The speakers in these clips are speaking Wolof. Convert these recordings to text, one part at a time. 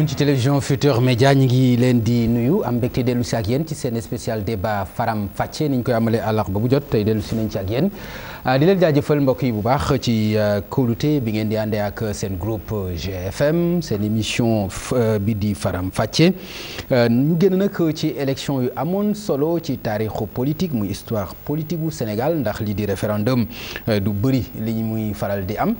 ñun ci télévision Futur Média ñi ngi leen di nuyu am mbégte dellu si ak yéen ci seen spécial débat faram fàcce ni ñu koy amalee àllarba bu jot tey dellu si nañ ci ak yeen Euh, di leen jaajëfal mbokk yi bu baax ci euh, kóolute bi ngeen di àndee ak seen groupe euh, GFM seen émission bi di Faram Fàcce ñu génn nag ci élection yu amoon solo ci taarixu politique muy histoire politique wu Sénégal ndax lii di référendum du bëri li ñu muy faral di am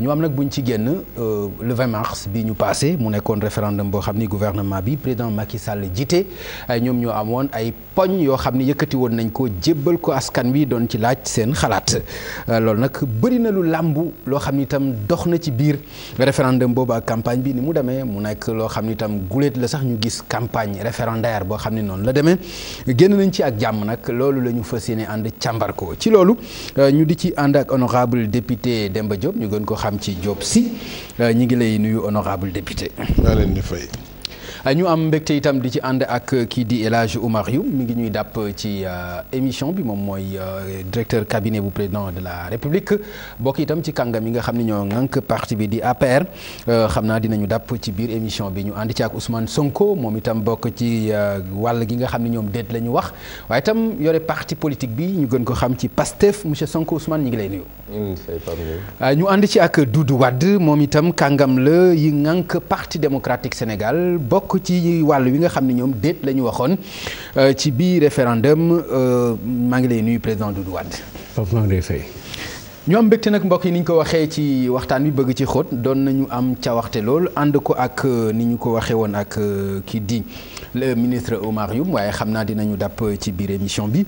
ñu am nag buñ ci génn le 20 mars bi ñu passé mu nekkoon référendum boo xam ni gouvernement bi président Macky Sall jiite ñoom ñoo amoon ay poñ yoo xam ni yëkkati woon nañ ko jébbal ko askan wi doon ci laaj seen xalaat Euh, loolu nag bëri na lu làmb loo xam ne itam dox na ci biir référendum boobu ak campagne bi ni mu demee mu nak loo xam ne itam guléet la sax ñu gis campagne référendaire boo xam ne noonu la demee génn nañ ci ak jàmm nag loolu la ñu fas yéene ànd càmbar ci loolu euh, ñu di ci ànd ak honorable député Demba Diop ñu gën ko xam ci Diop si euh, ñu ngi lay nuyu honorable député. maa leen di fay. ñu am mbégte itam di ci ànd ak kii di élage Hadj Oumar mu ngi ñuy dàpp ci euh, émission bi moom mooy euh, directeur cabinet bu président de la république bokk itam ci kàngam yi nga xam ne ñoo ŋànk parti bi di APR euh, xam naa dinañu dàpp ci biir émission bi ñu ànd ci ak Ousmane Sonko moom itam bokk ci wàll gi nga xam ne ñoom déet la ñu wax waaye itam yore parti politique bi ñu gën ko xam ci PASTEF monsieur Sonko Ousmane ñu ngi lay nuyu. ñu ànd ci ak Doudou Wade moom itam kàngam la yi ŋànk parti démocratique Sénégal bokk. ci wàll wi nga xam ne ñoom déet lañu ñu waxoon euh, ci bii référendum euh, maa ngi lay nuyu président Doudou Wade. Pape maa ngi ñoom mbégte nag mbokk yi ni ñu ko waxee ci waxtaan wi bëgg ci xóot doon nañu am ca waxte lool ànd ko ak euh, ni ñu ko waxee woon ak kii di. le ministre Oumar Youm waaye xam naa dinañu dàpp ci biir émission bi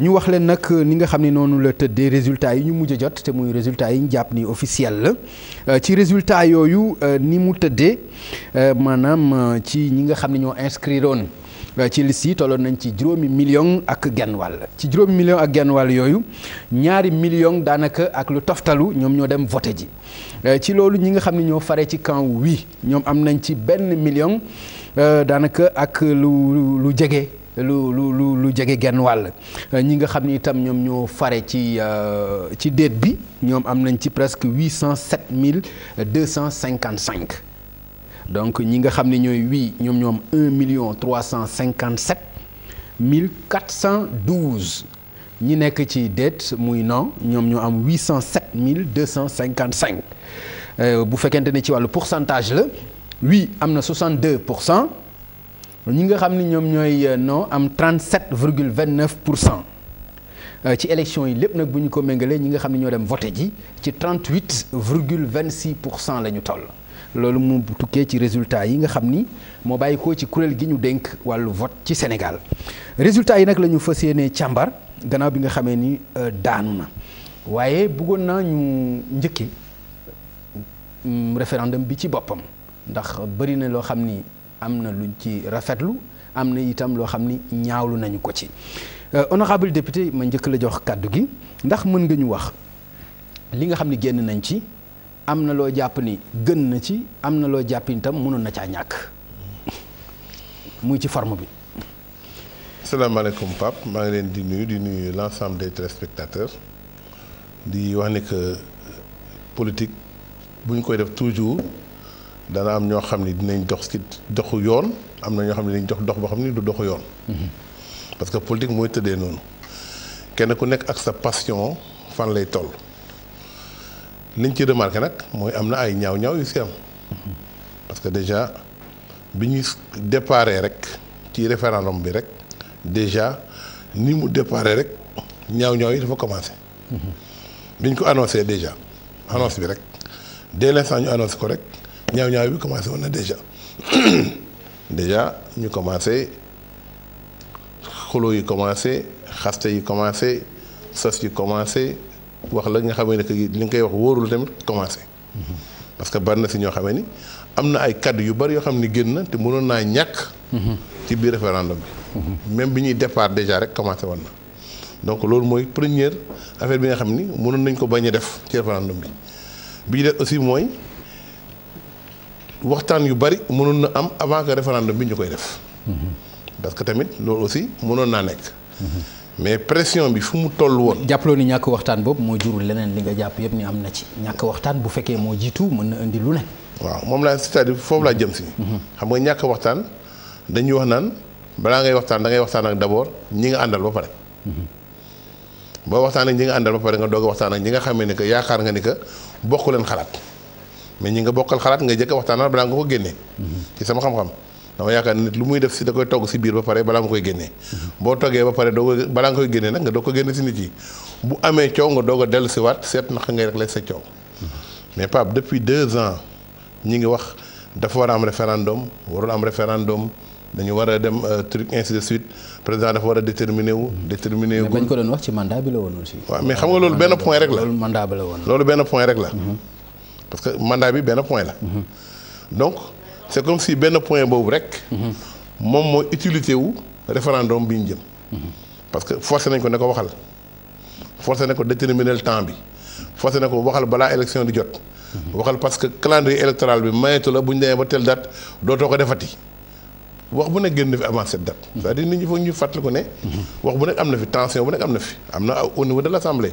ñu wax leen nag ni nga xam ne noonu la tëddee résultat yi ñu mujj jot te muy résultat yi ñu jàpp ni officiel la euh, ci résultat yooyu euh, ni mu tëddee euh, maanaam ci ñi nga xam ne ñoo inscrire woon ci liste yi tolloon nañ ci juróomi million ak genn wàll ci juróomi million ak genn wàll yooyu ñaari million daanaka ak lu toftalu ñoom ñoo dem voté ji ci loolu ñi nga xam ne ñoo fare ci camp wi ñoom am nañ ci benn million Euh, daanaka ak lu lu jege lu lu lu lu jege genn wàll euh, ñi nga xam ni itam ñoom ñoo fare ci euh, ci déet bi ñoom am nañ ci presque huit cent sept mille deux cent cinquante cinq donc ñi nga xam ne ñooy wii ñoom ñoom un million trois cent cinquante sept mille quatre cent douze ñi nekk ci déet muy non ñoom ñoo am huit cent sept mille deux cent cinquante cinq bu fekkente ne ci wàllu pourcentage la. oui am na 62 pour cent ñi nga xam ni ñoom ñooy euh, noo am 37 virgule 29 pour cent euh, ci élection yi lépp nag bu ñu ko méngalee ñi nga xam ne ñoo dem voté ji ci 38 virgule 26 pour cent la ñu toll. loolu mu tukkee ci résultat yi nga xam ni moo bàyyi ko ci kuréel gi ñu dénk wàllu vote ci Sénégal résultat yi nag la ñu fas yéenee càmbar gannaaw bi nga xamee ni euh, daanu na waaye buggoon naa ñu njëkkee mm, référendum bi ci boppam. ndax bari na loo xam ni am na luñ ci rafetlu am na itam loo xam ni ñaawlu nañu ko ci euh, honorable député ma njëkk la jox kàddu gi ndax mën nga ñu wax li nga xam ni génn nañ ci am na loo jàpp ni gën na ci am na loo jàpp ni tam mënoon na caa ñàkk muy ci forme bi. asalaamaaleykum Pape maa ngi leen di nuyu di nuyu l' ensemble des téléspectateurs di wax ne que politique bu ñu koy def toujours. dana am ñoo xam ni dinañ dox ci doxu yoon am na ñoo xam ne dinañ dox dox boo xam ni du doxu yoon. parce que politique mooy tëddee noonu kenn ku nekk ak sa passion fan lay toll. liñ ci remarqué nag mooy am na ay ñaaw-ñaaw yu si am parce que déjà bi ñuy déparé rek ci référendum bi rek déjà ni mu déparé rek ñaaw-ñaaw yi dafa commencé. biñ ko annoncé déjà annonce bi rek dès l'instant ñu annoncé ko rek. ñaaw ñaaw bi commencé wan na déjà déjà ñu commencé xuloo yi commencé xaste yi commencé sas yi commencé wax la nga xamee ne li nga koy wax wóorul tamit commencé mm-hmm. parce que bari na si ñoo xamee ni am na ay kaddu yu bari yoo xam ni génn na te mënoon naa ñàkk mm-hmm. ci biir référendum bi mm-hmm. même bi ñuy départ déjà rek commencé woon na donc loolu mooy première affaire bi nga xam ni mënoon nañ ko bañ a def ci référendum bi bi ñu aussi mooy waxtaan yu bari mënoon na am avant que référendum bi ñu koy def. Mhm. parce que tamit loolu aussi mënoon naa nekk. mais pression bi fu mu toll woon. jàppaloo ni ñàkk waxtaan boobu moo jurul leneen li nga jàpp yëpp ni am na ci ñàkk waxtaan bu fekkee moo jiitu mën na indi lu ne. waaw moom laa cest foofu laa jëm si. Mhm. xam nga ñàkk waxtaan dañuy wax naan balaa ngay waxtaan da ngay waxtaan ak d'abord ñi nga àndal ba pare. Mhm. boo waxtaan ak ñi nga àndal ba pare nga doog a ñi nga xamee ni que yaakaar nga ni que bokk leen xalaat. mais ñi nga bokkal xalaat nga jëkk a waxtaanal balaa nga ko génne. ci sama xam-xam dama yaakaar nit lu muy def si da koy togg si biir ba pare balaa nga koy génnee. boo toggee ba pare doo balaa nga koy génnee nag nga doog ko génne si nit yi bu amee coow nga doog a dellu si waat seet naka ngay réglé sa coow. mais Pape depuis deux ans ñi ngi wax dafa war a am référendum warul am référendum dañu war a dem euh, a déterminé wu. déterminé wu mais bañ woon xam nga loolu benn point rek la loolu loolu benn point rek la. Mhm. parce que mandaa bi benn point la. donc c'est comme si benn point boobu rek. moom mooy utilité wu référendum bi ñu jëm. parce que forcé nañ ko ne ko waxal forcé na ko déterminer le temps bi forcé na ko waxal balaa élection di jot. waxal parce que calendrier électoral bi mayetu la bu ñu demee ba telle date dootoo ko defati wax bu nekk génn fi avant cette c'est-à-dire nit ñi foog ñu fàttali ko ne. wax bu nekk am na fi tension bu nekk am na fi am na au niveau de l'Assemblée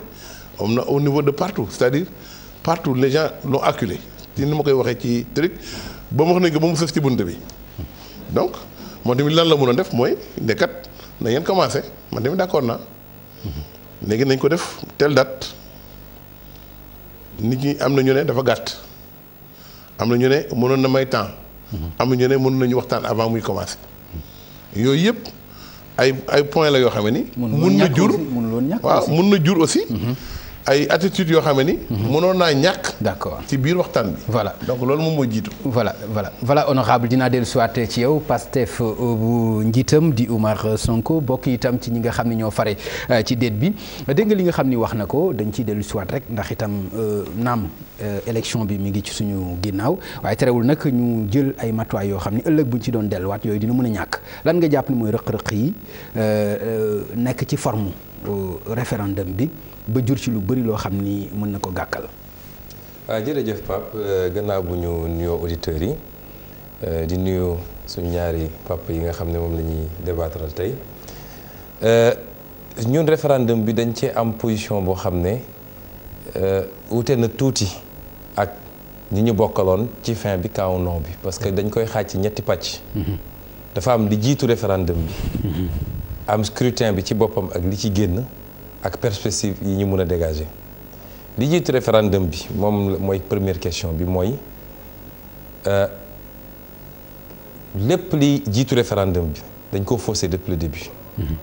am na au niveau de partout cest partout les gens l'ont acculé ci ni ma koy waxee ci truc ba ma wax nañ ko ba mu sës ci bunt bi donc moom tamit lan la mënoon def mooy ne na ngeen commencé man tamit d'accord naa léegi nañ ko def telle date nit ñi am na ñu ne dafa gàtt am na ñu ne mënoon na may temps am na ñu ne mënoon nañu waxtaan avant muy commencé yooyu yëpp ay ay point la yoo xam ne ni mun na jur waaw mun na jur aussi mhm. ay attitude yoo xam ni. Mhm. mënoon naa ñàkk. d'accord ci biir waxtaan bi. voilà donc loolu moom moo jiitu. voilà voilà voilà honorable dinaa dellu siwaat ci yow Pastef euh, bu njiitam di Oumar Sonko bokk itam ci ñi nga xam ne ñoo fare euh, ci déet bi dégg nga li nga xam ni wax na ko dañu ciy dellu siwaat rek ndax itam euh, naam élection bi mu ngi ci suñu ginnaaw waaye terewul nag ñu jël ay matuwaay yoo xam ni ëllëg buñ ci doon delluwaat yooyu dina mën a ñàkk lan nga jàpp ni mooy rëq-rëq yi nekk ci forme référendum bi. ba jur ci lu bëri loo xam ni mën na ko gàkkal. waaw ah, jërëjëf Pape euh, gannaaw bu ñu nuyoo auditeurs yi euh, di nuyu suñu ñaari papp yi nga xam ne moom la ñuy débattre tey euh, ñun référendum bi dañ cee am position boo xam ne wute na tuuti ak ñi ñu bokkaloon ci fin bi kaaw non bi parce que dañ koy xaaj ci ñetti pàcc. dafa am li jiitu référendum bi. Mm-hmm. am scrutin bi ci boppam ak li ci génn. ak perspective yi ñu mën a dégager li jiitu référendum bi moom mooy première question bi mooy euh, lépp li jiitu référendum bi dañ ko faussé depuis le début mhm.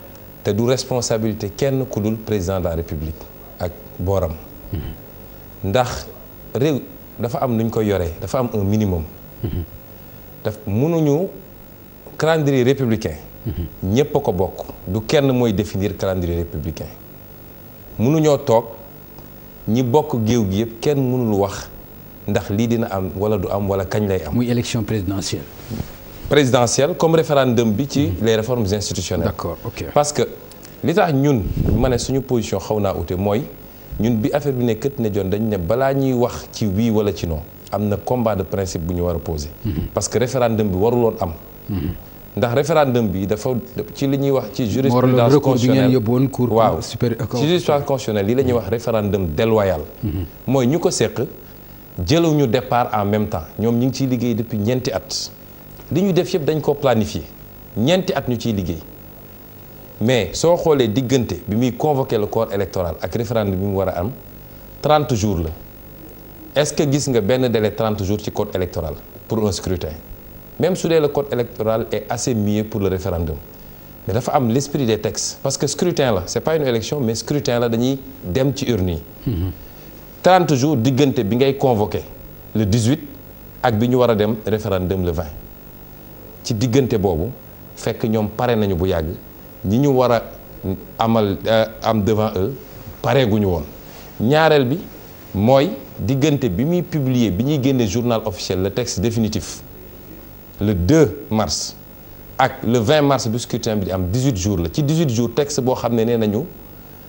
te du responsabilité kenn ku dul président de la république ak booram mhm. ndax réew dafa am nuñ koy yoree dafa am un minimum mhm. daf mënuñu calendrier républicain ñépp a ko bokk du kenn mooy définir calendrier républicain mënuñoo toog ñi bokk géew gi yëpp kenn mënul wax ndax lii dina am wala du am wala kañ lay am. muy élection présidentielle. présidentielle comme référendum bi ci les réformes institutionnelles. d'accord ok parce que li tax ñun ma ne suñu position xaw naa ute mooy ñun bi affaire bi ne kët ne joon dañ ne balaa ñuy wax ci wii wala ci non am na combat de principe bu ñu war a poser. Mhm. parce que référendum bi waruloon am. Mhm. ndax référendum bi dafa ci li ñuy wax ci jurisprudence constitutionnelle waaw ci jurisprudence constitutionnelle li la ñuy wax référendum déloyal mhm. mooy ñu ko seq jëluñu départ en même temps ñoom ñu ngi ciy liggéey depuis ñeenti at li ñu def yëpp dañ ko planifie ñeenti at ñu ciy liggéey mais soo xoolee diggante bi muy convoqué le corps électoral ak référendum bi mu war a am trente jours la est-ce que gis nga benn dele 30 jours ci code électoral pour un scrutin même su dee le code électoral est assez mieux pour le référendum mais dafa am l'esprit des textes parce que scrutin la c'est pas une élection mais scrutin la dañuy dem ci urne yi 30 mm-hmm. jours diggante bi ngay convoqué le 18 ak bi ñu war a dem référendum le 20 ci diggante boobu fekk ñoom pare nañu bu yàgg ñi ñu war a amal euh, am devant eux pare guñu woon ñaareel bi mooy diggante bi muy publier bi ñuy génne journal officiel le texte définitif le 2 mars ak le 20 mars bi scrutin bi di am 18 jours la ci 18 jours texte boo xam ne nee nañu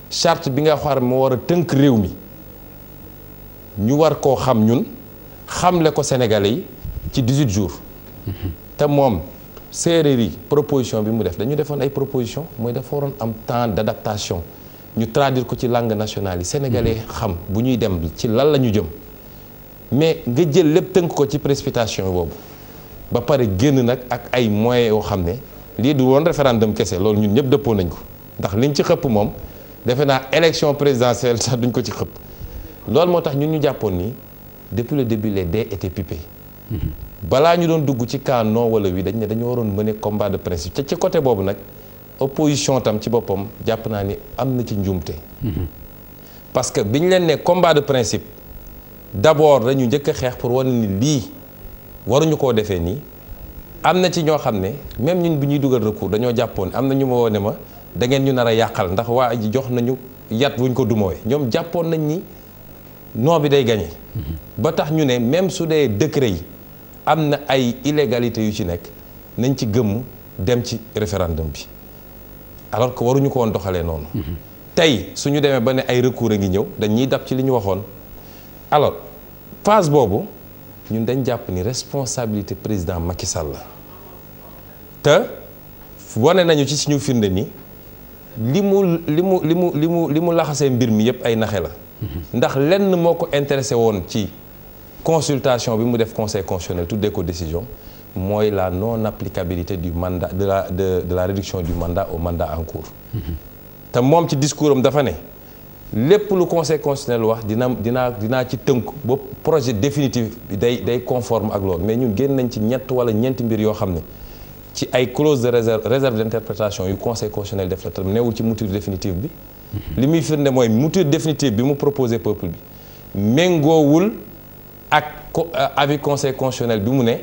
charte bi nga xar moo war a tënk réew mi ñu war koo xam ñun xamle ko Sénégalais yi ci 18 jours. te moom séeréer yi proposition bi mu def dañu defoon ay proposition mooy dafa waroon am temps d'adaptation ñu traduire ko ci langue nationale yi. sénégalais mm-hmm. xam bu ñuy dem ci lan la ñu jëm mais nga jël lépp tënk ko ci précipitation boobu. ba pare génn nag ak ay moyens yoo xam ne lii du woon référendum kese loolu ñun ñëpp dëppoo nañ ko ndax liñ ci xëpp moom defe naa élection présidentielle sax duñ ko ci xëpp loolu moo tax ñun ñu jàppoon nii depuis le début les dés mm-hmm. balaa ñu doon dugg ci cas non wala wi dañ ne dañu waroon mener combat de principe ci côté boobu nag opposition tam ci boppam jàpp naa ni am na ci njuumte. Mm-hmm. parce que bi ñu leen ne combat de principe d'abord dañu njëkk a xeex pour wane ni lii. waruñu koo defee nii am na ci ñoo xam ne même ñun bi ñuy dugal recours dañoo jàppoon am na ñu ma woo ne ma da ngeen ñu nar a yàqal ndax waa ji jox nañu yat wuñ ko dumooy ñoom jàppoon nañ ni non bi day gagné. ba tax ñu ne même su dee décret yi am na ay illégalité yu ci nekk nañ ci gëmm dem ci référendum bi alors que waruñu ko woon doxalee noonu. tey suñu demee ba ne ay recours a ngi ñëw dañuy dab ci li ñu waxoon alors phase boobu. ñun dañ jàpp ni responsabilité président Macky Sall la te wane nañu ci suñu firnde ni li mu li mu li mu li mu li mu laxasee mbir mi yëpp ay naxe la mhm. ndax lenn moo ko intéressé woon ci consultation bi mu def conseil constitutionnel tuddee ko décision mooy la non applicabilité du mandat de la de de la réduction du mandat au mandat en cours mhm. te moom ci discours am dafa ne lépp lu conseil constitutionnel wax dina dinaa dinaa ci tënk ba projet définitif bi day day conforme ak loolu mais ñun génn nañ ci ñett wala ñeenti mbir yoo xam ne ci ay clause de réserve réserve d'interprétation yu conseil constitutionnel def la tam newul ci mouture définitive bi li muy firnde mooy mouture définitive bi mu proposé peuple bi méngoowul ak euh, avis conseil constitutionnel bi mu ne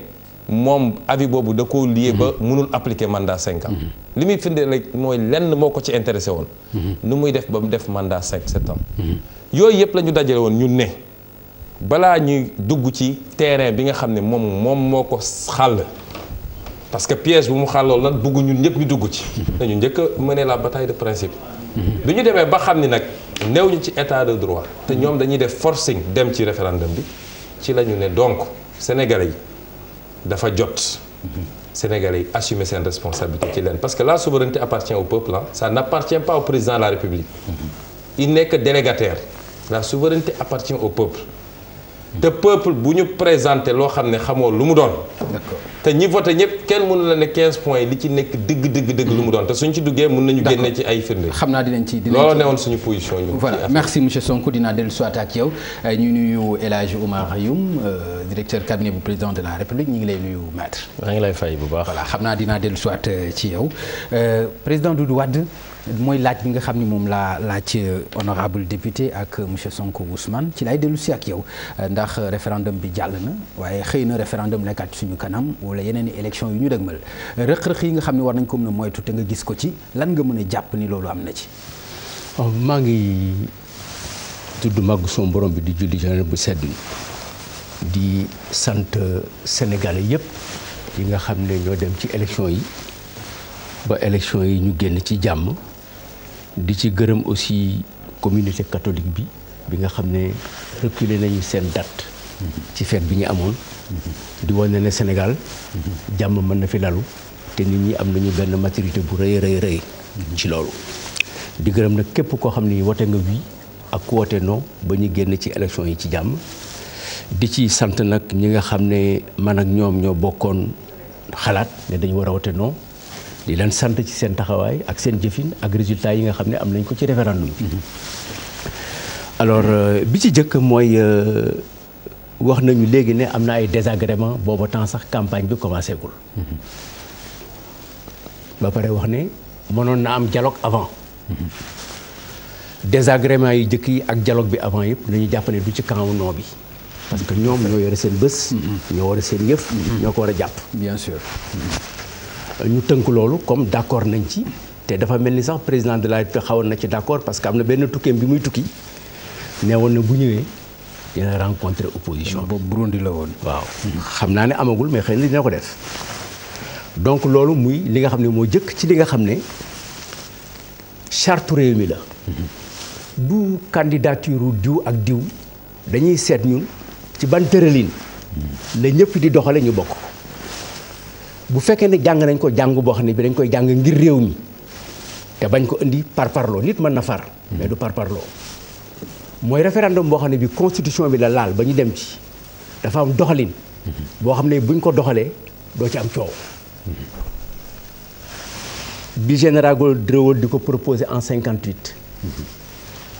moom avis boobu da ko lii ba mënul appliquer mandat cinq ans mhm. li muy firnde rek mooy lenn moo ko ci intéressé woon mhm. ni muy def ba mu def mandat cinq sept ans mhm. yooyu yëpp la ñu dajale woon ñun ne balaa ñuy dugg ci terrain bi nga xam ne moom moom moo ko xàll parce que piège bu mu xàllool nag bugg ñun ñëpp ñu dugg ci dañu njëkk a mener la bataille de principe bi ñu demee ba xam ni nag néew ñu ci état de droit te ñoom dañuy def forcing dem ci référendum bi ci la ñu ne donc sénégalais yi dafa jot Sénégalais yi assumer seen responsabilité ci leen parce que la souveraineté appartient au peuple la ça n'appartient pas au président de la République yi nekk que délégataire la souveraineté appartient au peuple te peuple bu ñu présenté loo xam ne xamoo lu mu doon te ñi voté ñëpp kenn mënu la ne 15 points li ci nekk dëgg dëgg dëgg lu mu doon te suñ ci duggee mën nañu génne ci ay firnde. xam naa dinañ ci dinañ ci loolu newoon suñu ñu voilà merci monsieur Sonko dinaa dellu soit ak yow euh, ñu nuyu El Hadj Oumar euh, directeur cabinet bu président de la république ñu ngi lay nuyu maître. maa ngi lay fay bu baax. voilà xam naa dinaa dellu soit euh, ci yow président du Wade. mooy laaj bi nga xam ni moom laa laaj euh, honorable député ak euh, monsieur Sonko Ousmane ci lay dellu si ak yow euh, ndax référendum bi jàll na waaye xëy na référendum nekkaat suñu kanam wala yeneen i élection yu ñu dëgmal rëq-rëq yi nga xam ne war nañ ko mën a moytu te nga gis ko ci lan nga mën a jàpp ni loolu am na ci. Oh, maa ngi tudd màgg son borom bi di julli janeen bu sedd di sant Sénégalais yëpp yi nga xam ne ñoo dem ci élection yi ba élection yi ñu génn ci jàmm di ci gërëm aussi communauté catholique bi bi nga xam ne reculer nañu seen date ci feet bi ñu amoon di wane ne Sénégal jàmm mën na fi lalu te nit ñi am nañu benn maturité bu rëyee rëy rëy ci loolu di gërëm nag képp koo xam ne wote nga wii ak ku wote non ba ñu génn ci élection yi ci jàmm di ci sant nag ñi nga xam ne man ak ñoom ñoo bokkoon xalaat ne dañu war a wote non di leen sant ci seen taxawaay ak seen jëfin ak résultat yi nga xam ne am nañ ko ci référendum bi alors euh, bi ci jëkk mooy euh, wax nañu léegi ne am na ay désagrément booba temps sax campagne bi commencé gul mhm. ba pare wax ne mënoon na am dialogue avant mhm. désagrément yi jëkk yi ak jaloog bi avant yëpp nañu jàpp ne du ci camp non bi parce que ñoom ñoo yore seen bës mhm. ñoo war a seen yëf ñoo ko jàpp ñu tënk loolu comme d'accord nañ ci te dafa mel ni sax président de la République xawoon na ci d'accord parce que am na benn tukkeem bi muy tukki nee woon na bu ñëwee dina rencontrer opposition boobu Burundi la woon waaw xam naa ne amagul mais xëy na dina ko def donc loolu muy li nga xam ne moo jëkk ci li nga xam ne charte réew mi la du candidature diw ak diw dañuy seet ñun ci ban tëralin la ñëpp di doxale ñu bokk bu fekkee ne jàng nañ ko jàng boo xam ne bi dañ koy jàng ngir réew mi te bañ ko indi par parloo nit mën na far. mais du par parloo mooy référendum boo xam ne bi constitution bi la laal ba ñu dem ci dafa am doxalin. boo xam ne buñ ko doxalee doo ci am coow. bi général de Gaulle di ko proposé en 58.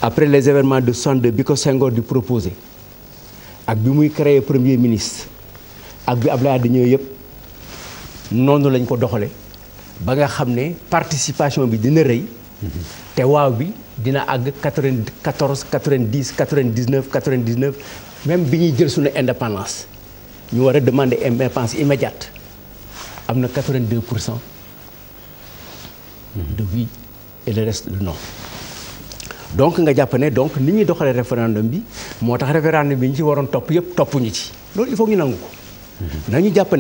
après les événements de 62 bi ko Senghor di proposé ak bi muy créé premier ministre ak bi Abdoulaye di ñëw yëpp. noonu lañ ko doxale ba nga xam ne participation bi dina rëy te waaw bi dina àgg 94 90 99 99 même bi ñuy jël suñu indépendance ñu war a demander indépendance immédiate am na 82 pour cent de oui et le donc nga jàpp ne donc ni ñuy doxalee référendum bi moo tax référendum bi ñu ci waroon topp yëpp ñu ci loolu il faut ñu nangu ko nañu jàpp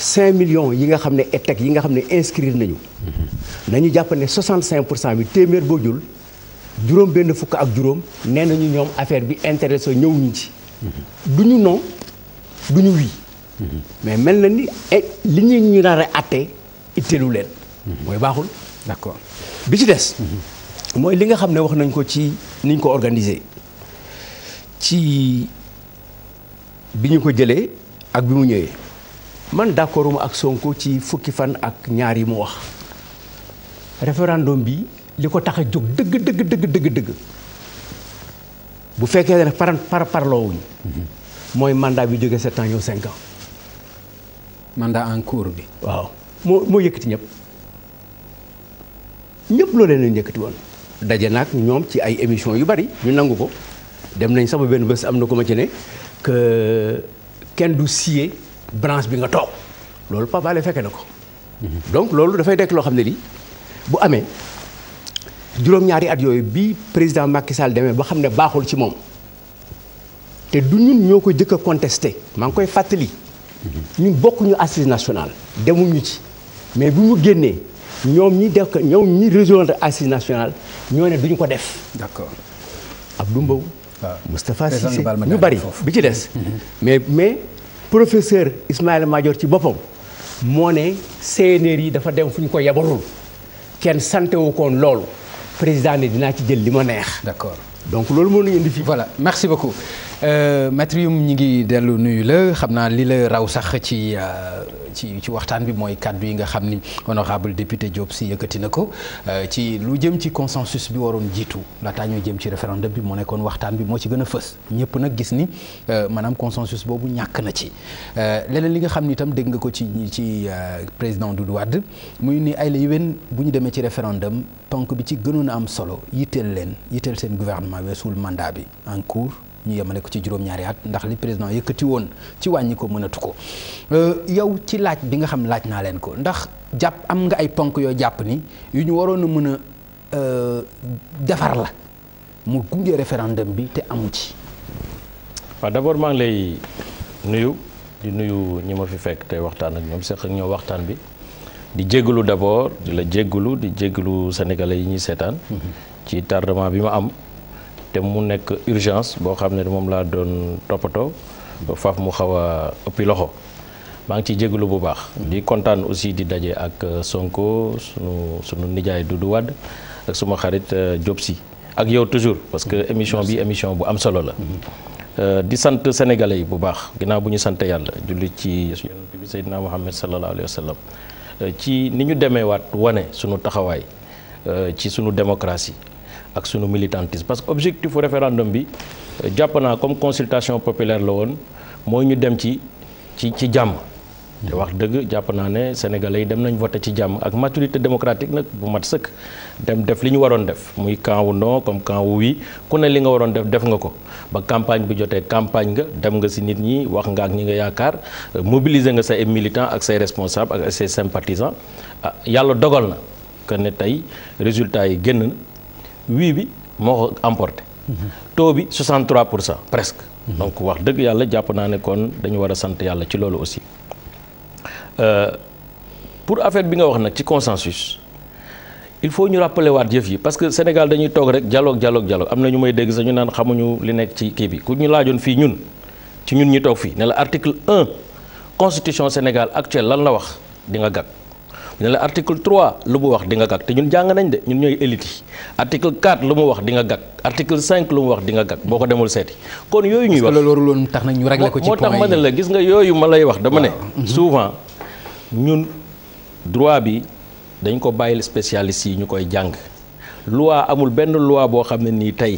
5 millions yi nga xam ne ETEC yi nga xam ne inscrire nañu. nañu jàpp ne 65 pour cent bi téeméer boo jul juróom benn fukk ak juróom nee nañu ñoom affaire bi intéressé ñëwuñu ci. du ñu non du ñu wii. mais mel na ni e, li ñuy ñu nar a àtte itteelu leen. mooy baaxul. d'accord bi ci des. mooy li nga xam ne wax nañ ko ci niñ ko organiser ci bi ñu ko jëlee ak bi mu ñëwee. man d'accorduma ak Sonko ci fukki fan ak ñaar yi mu wax référendum bi li ko tax a jóg dëgg dëgg dëgg dëgg dëgg bu fekkee ne par par parloowuñ mooy mandat bi jóge sept ñëw cinq ans. mandat en cours bi. waaw moo moo yëkkati ñëpp ñëpp loolee leen yëkkati woon daje nag ñoom ci ay émissions yu bari ñu nangu ko dem nañ sama benn bés am na ko ma ci ne kenn du siyee. branche bi nga toog loolu Pape Alé fekke na ko. donc loolu dafay nekk loo xam ne lii bu amee juróom-ñaari at yooyu bi président Macky Sall demee ba xam ne baaxul ci moom te du ñun ñoo ko jëkk a contesté maa ngi koy fàttali. ñu bokkuñu assise nationale demuñu ci mais bu mu génnee ñoom ñi def ko ñoom ñi rejoindre assise nationale ñoo ne duñu ko def. d'accord Abdou Mbow. Ah. Moustapha Cissé ñu bari bi ci des. Mm-hmm. mais mais. professeur Ismaïla Madior ci boppam moo ne CNR yi dafa dem fu ñu ko yabalul kenn santewu koon loolu président ne dinaa ci jël li ma neex. d'accord donc loolu moo ñu indi fii. voilà merci beaucoup. Euh, Matrium ñi ngi dellu nuyu la xam naa li la raw sax ci euh, ci ci waxtaan bi mooy kàddu yi nga xam ni honorable député Diop si yëkkati na ko euh, ci lu jëm ci consensus bi waroon jiitu laataa ñoo jëm ci référendum bi moo nekkoon waxtaan bi moo ci gën a fës ñëpp nag gis ni maanaam consensus boobu ñàkk na ci leneen li nga xam ni itam dégg nga ko ci ci président du Wade muy nii ay la yéwén bu ñu demee ci référendum ponk bi ci gënoon a am solo yitteel leen yitteel seen gouvernement weesuul mandat bi en ñu yemale ko ci juróom-ñaari at ndax li président yëkkati woon ci wàññi ko mënatu ko euh, yow ci laaj bi nga xam laaj naa leen ko ndax jàpp am nga ay ponk yoo jàpp ni yu ñu waroon a mën a euh, defar la mu gunge référendum bi te amu ci. waaw d'abord maa ngi lay nuyu di nuyu ñi ma fi fekk tey waxtaan ak ñoom sax ak ñoo waxtaan bi di jéggalu d'abord di la jéggalu di jéggalu sénégalais yi ñuy seetaan. Mm-hmm. ci tardement bi ma am. te mu nekk urgence boo xam ne moom laa doon toppatoo faaf mu xaw a ëppi loxo maa ngi ciy jégalu bu baax. di kontaan aussi di daje ak euh, Sonko sunu sunu nijaay Doudou Wade ak suma xarit euh, Diop si ak yow toujours parce que émission bi émission bu am solo la. Mm-hmm. Euh, di sant sénégalais yi bu baax ginnaaw bu ñu sant yàlla julli ci yonent bi Seydina Muhammad sallallahu alayhi wa sallam ci ni ñu demee waat wane sunu taxawaay ci sunu démocratie. ak sunu militantisme parce que objectifu référendum bi euh, jàpp naa comme consultation populaire la woon mooy ñu dem ci ci ci jàmm te wax dëgg jàpp naa ne sénégalais yi dem nañ voté ci jàmm ak maturité démocratique nag bu mat sëkk dem def li ñu waroon def muy camp wu non comme camp wu oui ku ne li nga waroon def def nga ko ba campagne bi jotee campagne nga dem nga si nit ñi wax nga ak ñi nga yaakaar euh, mobiliser nga say militants ak say responsables ak say sympathisants ah, yàlla dogal na que tey résultat yi génn wii bi moo ko emporté. taux bi 63 pour cent presque. donc wax dëgg yàlla jàpp naa ne kon dañu war a sant yàlla ci loolu aussi euh, pour affaire bi nga wax nag ci consensus il faut ñu rappeler waat jëf yi parce que Sénégal dañuy toog rek dialogue dialogue dialogue am na ñu may dégg sax ñu naan xamuñu li nekk ci kii bi ku ñu laajoon fii ñun ci ñun ñu toog fii ne la article 1 constitution Sénégal actuelle lan la wax dinga nga ñu ne la article 3 lu mu wax di nga gag te ñun jàng nañ de ñun ñooy élite yi article lu mu wax di nga gag article 5 lu mu wax di nga gag boo ko demul seeti kon yooyu ñuy wax loolu loolu tax nañu ñu réglé ko ci point yi moo tax ma ne la gis nga yooyu ma lay wax dama ne mhm. souvent ñun droit bi dañ ko bàyyil spécialistes yi ñu koy jàng loi amul benn loi boo xam ne nii tey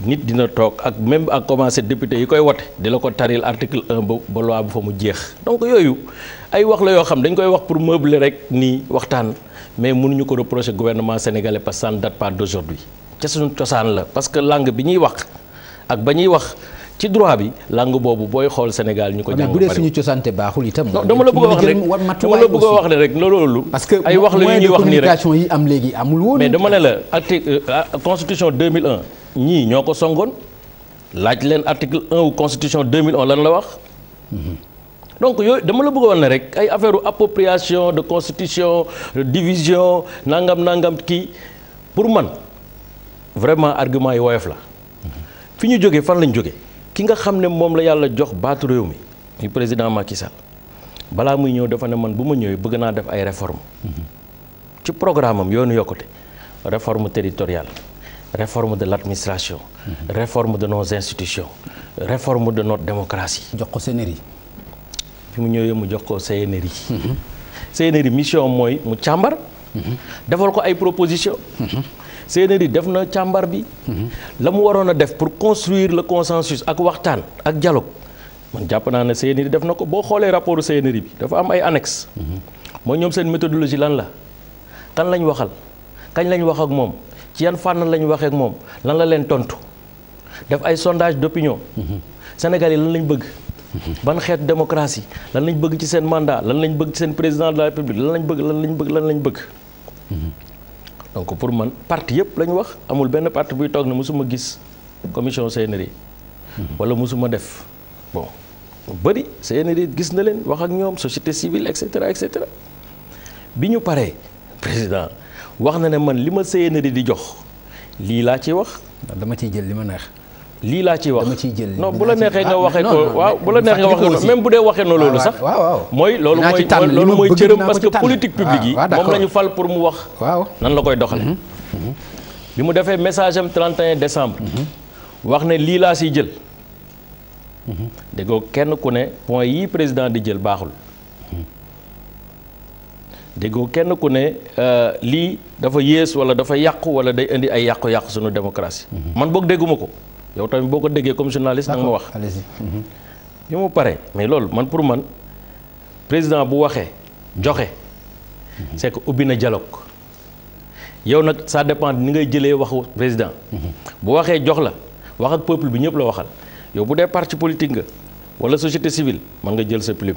nit dina toog ak même ak commencé député yi koy wote di la ko taril article 1 ba ba loi bu fa mu jeex donc yooyu ay wax la yoo xam dañ koy wax pour meubler rek nii waxtaan mais mënuñu ko reprocher gouvernement sénégalais parce que ça ne date pas d'aujourd'hui ca suñu cosaan la parce que langue bi ñuy wax ak ba ñuy wax ci droit bi langue boobu booy xool Sénégal ñu ko ah, jàng bu suñu cosaante baaxul itam non dama la bëgg a wax rek dama la loolu parce que ay wax la yu ñuy wax nii rek am léegi amul woon mais dama ne la article euh, ah, constitution ñii ñoo ko songoon laaj leen article 1 wu constitution 2001 lan la wax donc yooyu dama la bëgg woon ne rek ay affaire appropriation de constitution de division nangam nangam kii pour man vraiment argument yu woyof la fi ñu jógee fan lañ jógee ki nga xam ne moom la yàlla jox baatu réew mi muy président Macky Sall balaa muy ñëw dafa ne man bu ma ñëwee bëgg naa def ay réformes ci programme am yoonu yokkute réforme territoriale réforme de l'administration réforme de nos institutions réforme de notre démocratie jox ko CNRI fi mu ñëwee mu jox ko CNRI CNRI mission mooy mu càmbar defal ko ay proposition CNRI def na càmbar bi la mu waroon a def pour construire la consensus ak waxtaan ak jaloog man jàpp naa ne CNRI def na ko boo xoolee rapport CNRI bi dafa am ay annexe mhm. mooy ñoom seen méthodologie lan la kan lañ waxal kañ lañ wax ak moom ci yan fànn la ñu waxee moom lan la leen tontu def ay sondage d'opinion mhm. Sénégalais lan lañ bëgg ban xeetu démocratie lan lañ bëgg ci seen mandat lan lañ bëgg ci seen président de la république lan lañ bëgg lan lañ bëgg lan lañ bëgg mhm. donc pour man parti yëpp la ñu wax amul benn parti buy toog na mosuma gis commission CNRI mhm. wala mosuma def bon bëri CNRI gis na leen wax ak ñoom société civile et cetera et cetera bi ñu paree président wax na ne man li ma séyee na di di jox lii laa ciy wax. dama ciy jël li ma neex. lii laa ciy wax dama ciy jël non bu la neexee nga ah, waxee ko waaw bu la neexee nga waxee même bu dee waxee na loolu sax. waaw mooy loolu mooy loolu mooy cëram parce que politique publique yi. Ah, moom la fal pour mu wax. waaw nan la koy doxale mhm. Mhm. bi mu defee message am 31 décembre. Mhm. wax ne lii laa siy jël. déggoo kenn ku ne point yi président di jël baaxul. déggoo kenn ku ne euh, lii dafa yées wala dafa yàqu wala day indi ay yàqu-yàqu sunu démocratie. Mhm. man boog dégguma ko yow tamit boo ko déggee comme journaliste nag ma wax. Mhm. bi mu pare mais loolu man pour man président bu waxee joxe. Mhm. c'est que ubbi na dialogue yow nag sa dépend ni ngay jëlee waxu président. bu waxee jox la wax ak peuple bi ñëpp la waxal yow bu dee parti politique nga wala société civile man nga jël sa plume.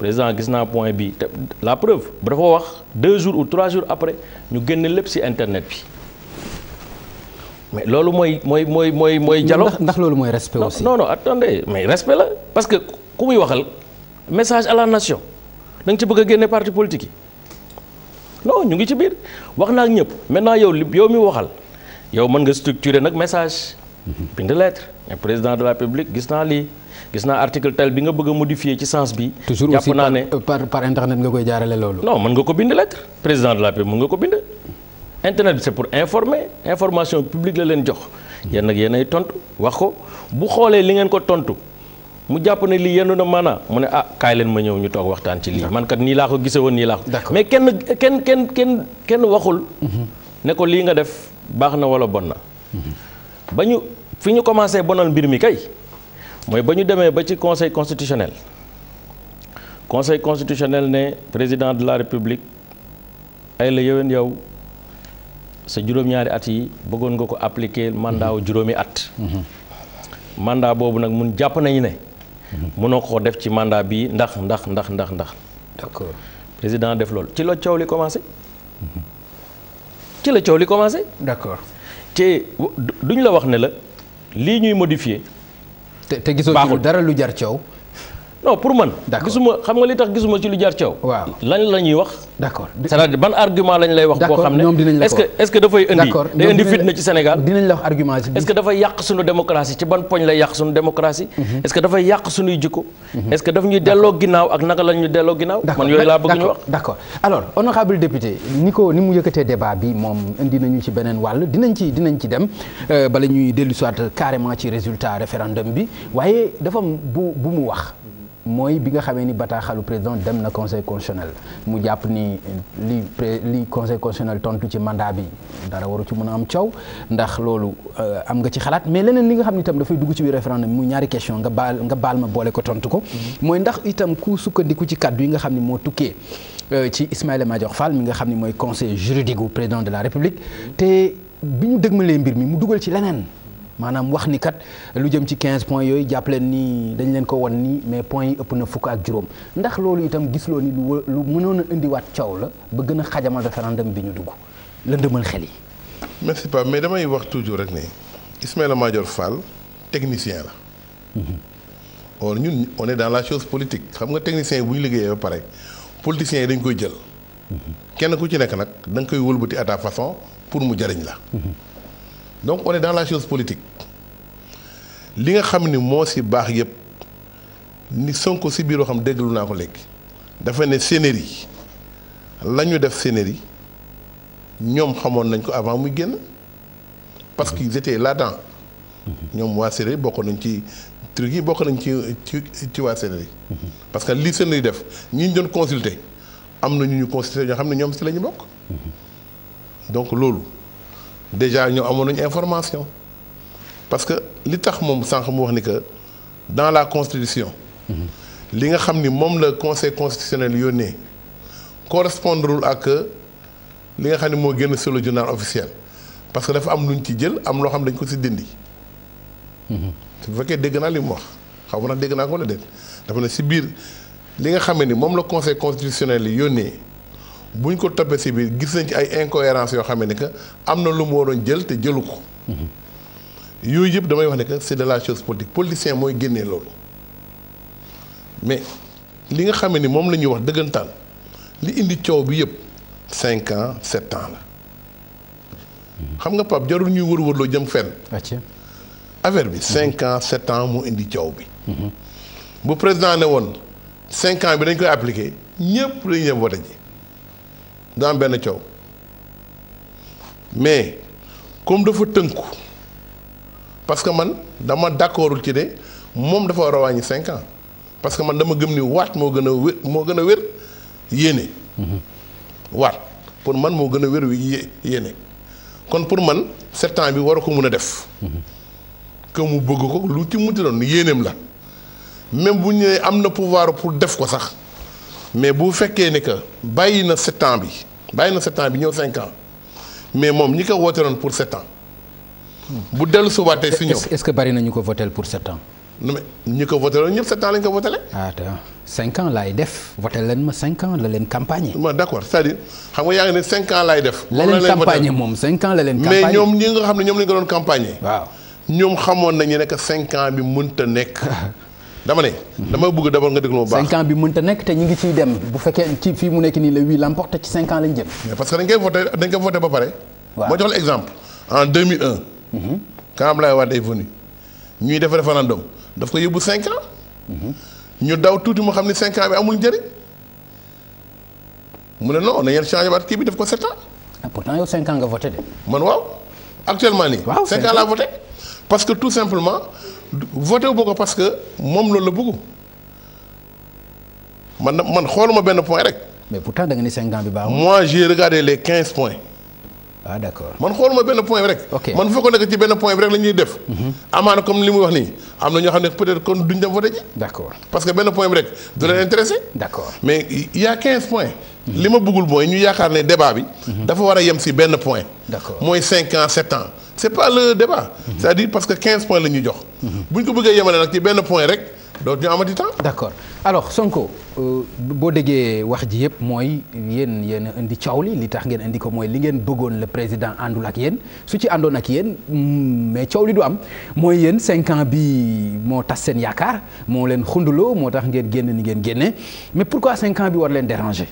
président gis naa point bi te la preuve bu dafa wax deux jours ou trois jours après ñu génn lépp ci internet bi mais loolu mooy mooy mooy mooy mooy dialogue ndax loolu mooy respect aussi non non attendez mais la parce que ku muy waxal message à la nation ci bëgg a parti politique yi ñu ngi ci biir wax naa ñëpp maintenant yow li yow mi waxal yow mën nga structurer nag message mhm. bind lettre mais président de la République gis naa lii gis naa article tel bi nga bëgg a modifier ci sens bi. toujours aussi par par par internet nga koy jaarale loolu. non mën nga ko bind lettre président de la République mën nga ko bind. internet bi c'est pour informer information publique la leen jox. yéen nag yéen ay tontu wax ko bu xoolee li ngeen ko tontu. mu jàpp ne lii yenn na maanaa mu ne ah kaay leen ma ñëw ñu toog waxtaan ci lii. man kat nii laa ko gisee nii laa ko. mais kenn kenn kenn kenn kenn waxul. Mhm. ne ko lii nga def baax na wala bon na. Mhm. ba ñu fi ñu commencé bonal mbir mi kay. mooy ba ñu demee ba ci conseil constitutionnel conseil constitutionnel ne président de la république ay la yéwén yow sa juróom-ñaari at yi bëggoon nga ko appliquer mandat juróomi at. mandat boobu nag mun jàpp nañu ne. mënoo ko def ci mandat bii ndax ndax ndax ndax ndax. d'accord président def loolu ci la coow li commencé. ci la coow li commencé. d'accord te ñu la wax ne la lii ñuy modifier. te te gisoo dara lu jar coow. non pour man. gisuma xam nga li tax gisuma ci lu jar coow. waaw lan la ñuy wax. d' accord cest ban argument lañ lay wax. boo xam ne est ce que est ce que dafay indi. day indi fitna ci Sénégal. dinañ la wax argument est ce que dafay yàq suñu démocratie ci ban poñ lay yàq suñu démocratie. Mhm. est ce que dafay yàq suñuy jikko. Mhm. est ce que daf ñuy delloo ginnaaw ak naka lañ delloo ginnaaw. man yooyu laa bëgg ñu wax d' accord alors député ni ni mu yëkkatee débat bi moom indi nañu ci beneen wàll dinañ ci dinañ ci dem euh, bala ñuy dellu soit carrément ci résultat référendum bi waaye dafa bu bu wax mooy bi nga xamee ni bataaxalu président dem na conseil constitutionnel mu jàpp ni li li conseil constitutionnel tontu ci mandat bi dara waru ci mën a am coow ndax loolu euh, am nga ci xalaat mais leneen li nga xam ni itam dafay dugg ci biir référendum mu ñaari question nga baal nga baal ma boole ko tontu ko. Mm-hmm. mooy ndax itam ku sukkandiku ci kàddu yi nga xam ni moo tukkee. Euh, ci Ismaïla Madior Fall mi nga xam ni mooy conseil juridique bu président de la République mm-hmm. te bi ñu dëgmalee mbir mi mu dugal ci leneen. maanaam wax ni kat lu jëm ci 15 points yooyu jàpp leen ni dañ leen ko won nii mais points yi ëpp na fukk ak juróom ndax loolu itam gisloo ni lu lu mënoon a indiwaat coow la ba gën a xajamal référendum bi ñu dugg lëndëmal xel yi. merci pas mais damay wax toujours rek ne Ismaïla Madior Fall technicien la. Mm-hmm. or ñun on est dans la chose politique xam nga technicien yi bu ñu liggéeyee ba pare politiciens yi dañ koy jël. Mm-hmm. kenn ku ci nekk nag da koy wëlbati à ta pour mu jariñ la. Mm-hmm. donc on est dans la chose politique li nga xam ni moo si baax yëpp ni Sonko si biir biiroo xam dégglu naa ko léegi dafa ne scénario la ñu def scénario ñoom xamoon nañ ko avant muy génn parce que étaient la dedans ñoom waa scénario bokk nañ ci truc yi bokk nañ ci ci waa scénario parce que li scénario def ñi ñu doon consulter am na ñu ñu consulter ñoo xam ne ñoom si la ñu bokk donc loolu déjà ñoo amoon nañu information parce que li tax moom sànq mu wax ni que dans la constitution. li nga xam ni moom la conseil constitutionnel yónnee correspondrewul ak li nga xam ni moo génn solo le journal officiel parce que dafa am luñ ci jël am loo xam dañ ko si dindi. Mm-hmm. su fekkee dégg naa li mu wax xaw ma nag dégg naa ko la déet dafa ne si biir li nga xam ni moom la conseil constitutionnel yónnee. bu ñu ko toppee si biir gis nañ ci ay incohérence yoo xam ne am na lu mu waroon jël te jëlu ko. yooyu yëpp damay wax ne que c'est de la chose politique politicien mooy génnee loolu mais li nga xam ni moom la ñuy wax dëggantaan li indi coow bi yëpp cinq ans sept ans la. xam nga Pape jarul ñuy wër-wërloo jëm fenn. affaire bi cinq ans sept ans moo indi coow bi. bu président ne woon cinq ans bi dañ koy appliqué ñëpp dañuy dem vote ji. dina am benn coow mais comme dafa tënku parce que man dama d'accordul ci de moom dafa war a wàññi cinq ans parce que man dama gëm ni waat moo gën a wér moo gën a wér yéene. waat pour man moo gën a wér wi yéene kon pour man sept bi war ko mun a def. que mu bëgg ko lu ci munti doon yéeneem la même bu ñu nee am na pouvoir pour def ko sax. mais bu fekkee ni que bàyyi na sept bi bàyyi na sept bi ñëw cinq ans mais moom ñi ko woote woon pour sept bu dellu subaatee si ñëw est que bari nañu ko votel pour sept ans. non mais ñi ko voté woon ñëpp sept lañ ko voté. ah cinq ans laay def voté leen ma cinq ans la leen campagne. waaw d'accord c'est-à-dire xam nga yaa ngi ne cinq ans laay def. la leen campagne moom cinq ans la leen. campagne mais ñoom ñi nga xam ne ñoom lañ ko doon campagne. waaw ñoom xamoon nañu ne que cinq ans bi mënta nekk. dama ne. dama bëgg d'abord nga déglu mu baax. 5 ans bi mënta nekk te ñu ngi ciy dem bu fekkee ci fii mu nekk nii la 8 l'emporte ci 5 ans lañ jëm. parce que dañ koy voté dañ koy voté ba pare. moo jox la exemple en 2001. Mhm. quand Abdoulaye Wade est venu ñuy def référendum daf ko yóbbu 5 mhm. ñu daw tuuti mu xam ne 5 bi amul njëriñ mu ne non nañu changé waat kii bi daf ko 7 ans. ah pourtant yow 5 nga voté de. man waaw actuellement nii. voté wu ko parce que moom loolu la bëgg man man xooluma benn point rek. mais pourtant da nga ni cinq ans bi baaxul. mois j'ai regardé les quinze points. ah d'accord man xooluma benn point rek. ok man foo ko nekk ci benn point rek la ñuy def. Mhm. amaana comme li muy wax nii am na ñoo xam ne peut-être kon duñ dem voté ji. d'accord parce que benn point bi rek du leen mhm. intéressé. d'accord mais il quinze points. li ma buggul mooy ñu yaakaar ne débat bi. Mhm. dafa war a yem si benn point. d'accord mooy cinq ans sept ans. c'est pas le débat. Mhm. c'est-à-dire parce que quinze points la ñuy jox. Mhm. bu ñu ko bëggee yemale nag ci benn point rek dootuñu amati temps. d'accord alors Sonko euh, boo déggee wax ji yëpp mooy yéen yéen a indi coow li li tax ngeen indi ko mooy li ngeen bëggoon le président àndul ak yéen su ci àndoon ak yéen mm, mais coow li du am mooy yéen cinq ans bi moo tas seen yaakaar moo leen xunduloo moo tax ngeen génn ni ngeen génne mais pourquoi cinq ans bi war leen déranger.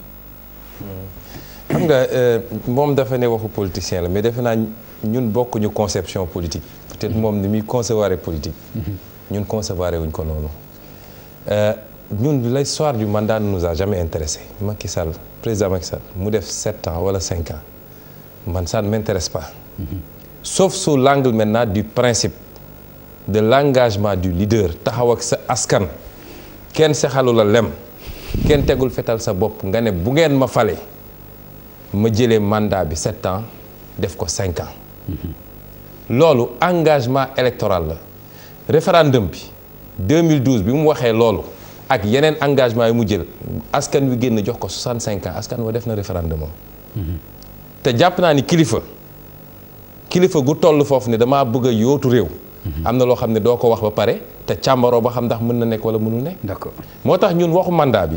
xam nga euh, moom dafa ne waxu politicien la mais defe naa ñun bokkuñu conception politique. peut moom ni muy concevoir politique. ñun concevoir wuñ ko noonu. Euh, ñun l'histoire du mandat ne nous a jamais intéressé Macky Sall président Macky Sall mu def sept ans wala cinq ans man ça ne m'intéresse pas. sauf sous l'angle maintenant principe de l'engagement du leader taxaw ak sa askan kenn sexalu la lem kenn tegul fetal sa bopp nga ne bu ngeen ma fale ma jëlee mandat bi sept ans def ko cinq ans mhm. loolu engagement électoral la référendum bi 2012 bi mu waxee loolu ak yeneen engagement yi mu jël askan wi génn jox ko 65 ans askan wa def na référendum am mhm. te jàpp naa ni kilifa kilifa gu toll foofu ne damaa bëgg a yootu réew mhm. am na loo xam ne doo ko wax ba pare te càmbaroo ba xam ndax mën na nekk wala mënul nekk moo tax ñun waxu mandat bi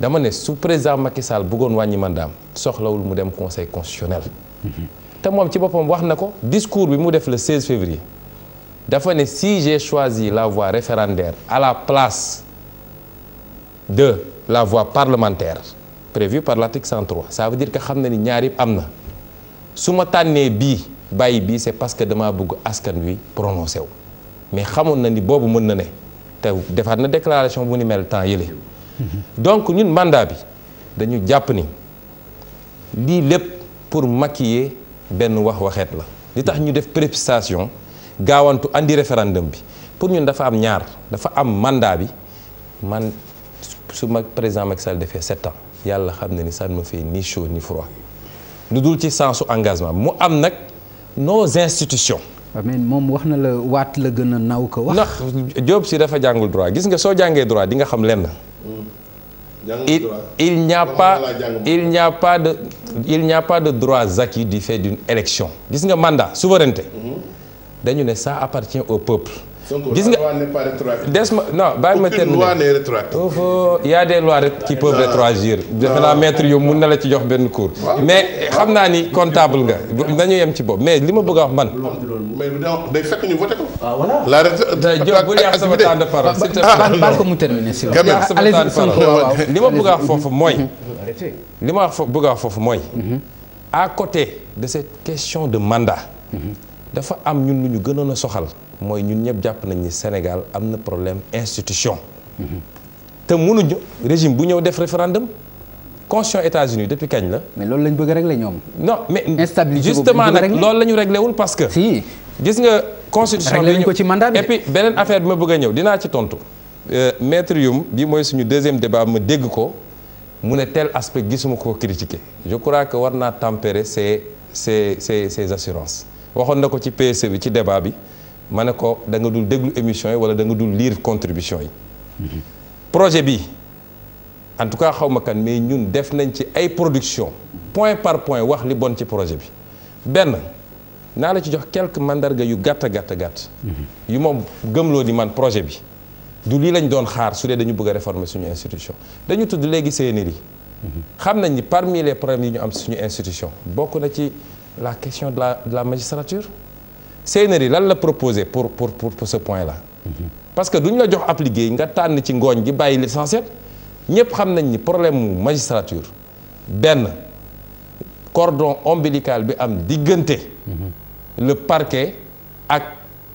dama ne su président Macky Sall bëggoon wàññi mandaam soxlawul mu dem conseil constitutionnel. Mhm. te moom ci boppam wax na ko discours bi mu def le 16 février dafa ne si j'ai choisi la voie référendaire à la place de la voie parlementaire prévue par l'article 103 ça veut dire que xam na ni ñaari am na su ma tànnee bi bàyyi bii c'est parce que dama bëgg askan wi prononcé wu mais xamoon na ni boobu mën na ne te defaat na déclaration bu ni mel temps yële. donc ñun màndaa bi dañu jàpp ni lii lépp pour maquiller benn wax waxeet la li tax ñu def précipitation gaawantu indi référendum bi pour ñun dafa am ñaar dafa am mandat bi man su mag président Macky Sall defee sept ans yàlla xam na ni ça ne me fait ni chaud ni froid lu dul ci sensu engagement mu am nag nos institutions. Ah, mais moom wax na la waat la gën a naw ko wax. ndax Diop si dafa jàngul droit gis nga soo jàngee droit di nga xam lenn. Il, il n'y a pas il n'y a pas de il n'y a d'une élection gis nga mandat souveraineté mhm. dañu ne sa appartient au peuple gis nga des ma non bàyyi ma terminer yaa y a des lois qui ah, peuvent rétroagir defe naa maître yow mun na la ci jox benn cours mais xam naa ni comptable nga nga ñëw yem ci boobu mais li ma bëgg a wax man mais day fekk ñu voté ko ah, voilà la bu yàq li ma bëgg a foofu mooy li ma wax bëgg a wax foofu mooy mhm. à côté de cette question de mandat mhm. dafa am ñun lu ñu gënoon a soxal mooy ñun ñëpp jàpp nañ ni Sénégal am na problème institution. te munu mënuñu régime bu ñëw def référendum. constitution États-Unis depuis kañ la. mais loolu lañ bëgg a régler ñoom. non mais instabilité justement nag loolu la ñu réglé parce que. si gis nga. constitution bi ñu ko ci mandat bi et beneen affaire ma bëgg a ñëw dinaa ci tontu. Euh, maître Youm bi mooy suñu deuxième débat ma dégg ko mu ne tel aspect gisuma ko critiquer je crois que war naa tempérer ces ces ces ces assurance waxoon na ko ci PSE bi ci débat bi. ma ne ko da dul déglu émission yi wala da nga dul liir contribution yi. projet bi en tout cas xaw ma kan mais ñun def nañ ci ay production point par point wax li bon ci projet bi benn naa la ci jox quelques mandarga yu gàtt gàtt gàtt. yu moom gëmloo ni man projet bi du lii lañ doon xaar su dee dañu bëgg a réformer suñu institution dañu tudd léegi CNRI. xam nañ ni parmi les problèmes yi ñu am suñu institution bokk na ci la question de la de la magistrature. Seynéry lan la proposé pour pour pour ce point la parce que duñ la jox appliqué nga tànn ci ngooñ gi bàyyi l'essentiel ñëpp xam nañ ni problème mu magistrature benn cordon ombilical bi am diggante. le parquet ak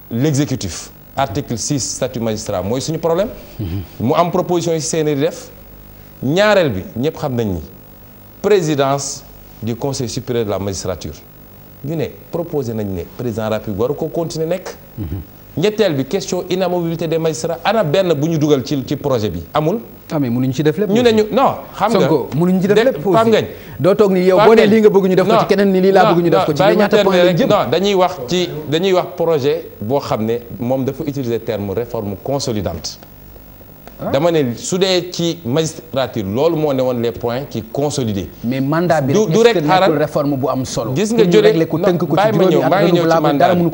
l'exécutif. article 6 statut magistrat mooy suñu problème. mu am proposition yi Seynéry def. ñaareel bi ñëpp xam nañ ni présidence du conseil supérieur de la magistrature. ñu ne proposé nañ ne président République waru ko continuer nekk. ñetteel bi question inamovibilité des magistrats ana benn bu ñu dugal ci ci projet bi amul. ah munuñu ci def lépp. ñu ne ñu no xam nga Sonko mënuñ ci def lépp aussi Pape Ngagne doo toog ni yow boo nee lii nga bëgg ñu def ko ci keneen ni lii laa bëgg ñu def ko ci. ñaata point lañ jëm non dañuy wax ci dañuy wax projet boo xam ne moom dafa utiliser terme réforme consolidante. dama ne su dee ci magistrature loolu moo ne woon les points qui consolidés. mais mandat bi du rek xaaral réforme bu am solo. gis nga jëlee non bàyyi ma ñëw bàyyi ñëw ci mandat bi non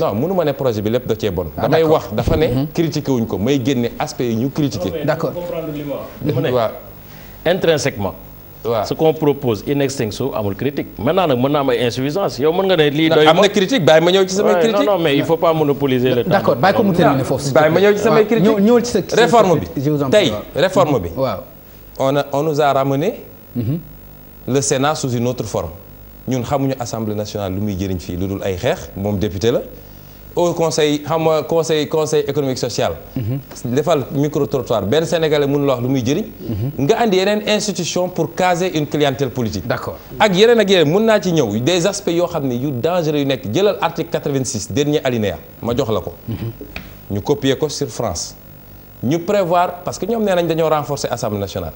non mënu ma ne projet bi lépp da cee ah, damay wax dafa ne. Mhm. critiqué wuñ ko may génne aspect yi ñu critiqué. d'accord comprendre li ma wax. dama ne intrinsèquement. waaw ce qu'on propose in extenso amul critique maintenant nag mën na am ay insuffisance yow mën nga ne lii doy am na critique bàyyi ma ñëw ci samay critique non non mais il faut pas monopoliser le temps d'accord bàyyi ko mu ma ñëw ci samay critique sa réforme bi tey réforme bi on a on nous a ramené mm-hmm. le Sénat sous une autre forme ñun xamuñu assemblée nationale lu muy jëriñ fii lu dul ay xeex moom député la au conseil xam nga conseil conseil social. Mhm. defal micro benn sénégalais mun la wax lu muy jëriñ. Mhm. nga andi yeneen institution pour caser une clientèle politique. d'accord ak yeneen ak yeneen mun naa ci ñëw des aspects yoo xam ne yu dangereux yu nekk jëlal article 86 dernier alinéa ma jox la ko. Mhm. ñu copier ko sur France. ñu prévoir parce que ñoom nee nañ dañoo renforcer assemblée nationale.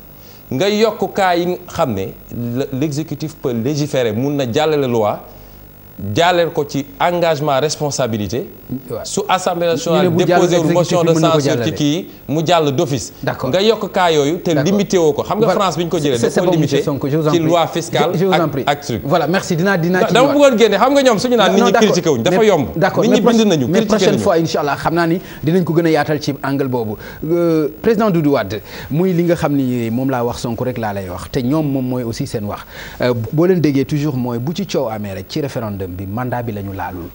nga yokk cas yi xam ne l'exécutif peut légiférer mun na jàllale loi. jaaleel ko ci engagement responsabilité. su assemblée nationale déposé motion de censure ci kii mu jàll d'office. nga yokk cas yooyu te limité ko xam nga France bi ñu ko jëlee. c'est bon limité ci loi fiscale voilà merci dinaa dinaa ci dama bëggoon génne xam nga ñoom suñu naan nit ñi critiqué wuñ dafa yomb. nit ñi bind nañu mais prochaine fois incha allah xam naa ni dinañ ko gën a yaatal ci angle boobu. Euh, président Doudou Wade muy li nga xam ni moom laa wax Sonko rek laa lay wax te ñoom moom mooy aussi seen wax euh, boo leen déggee toujours mooy bu ci coow amee référendum bi mandat bi la ñu laalul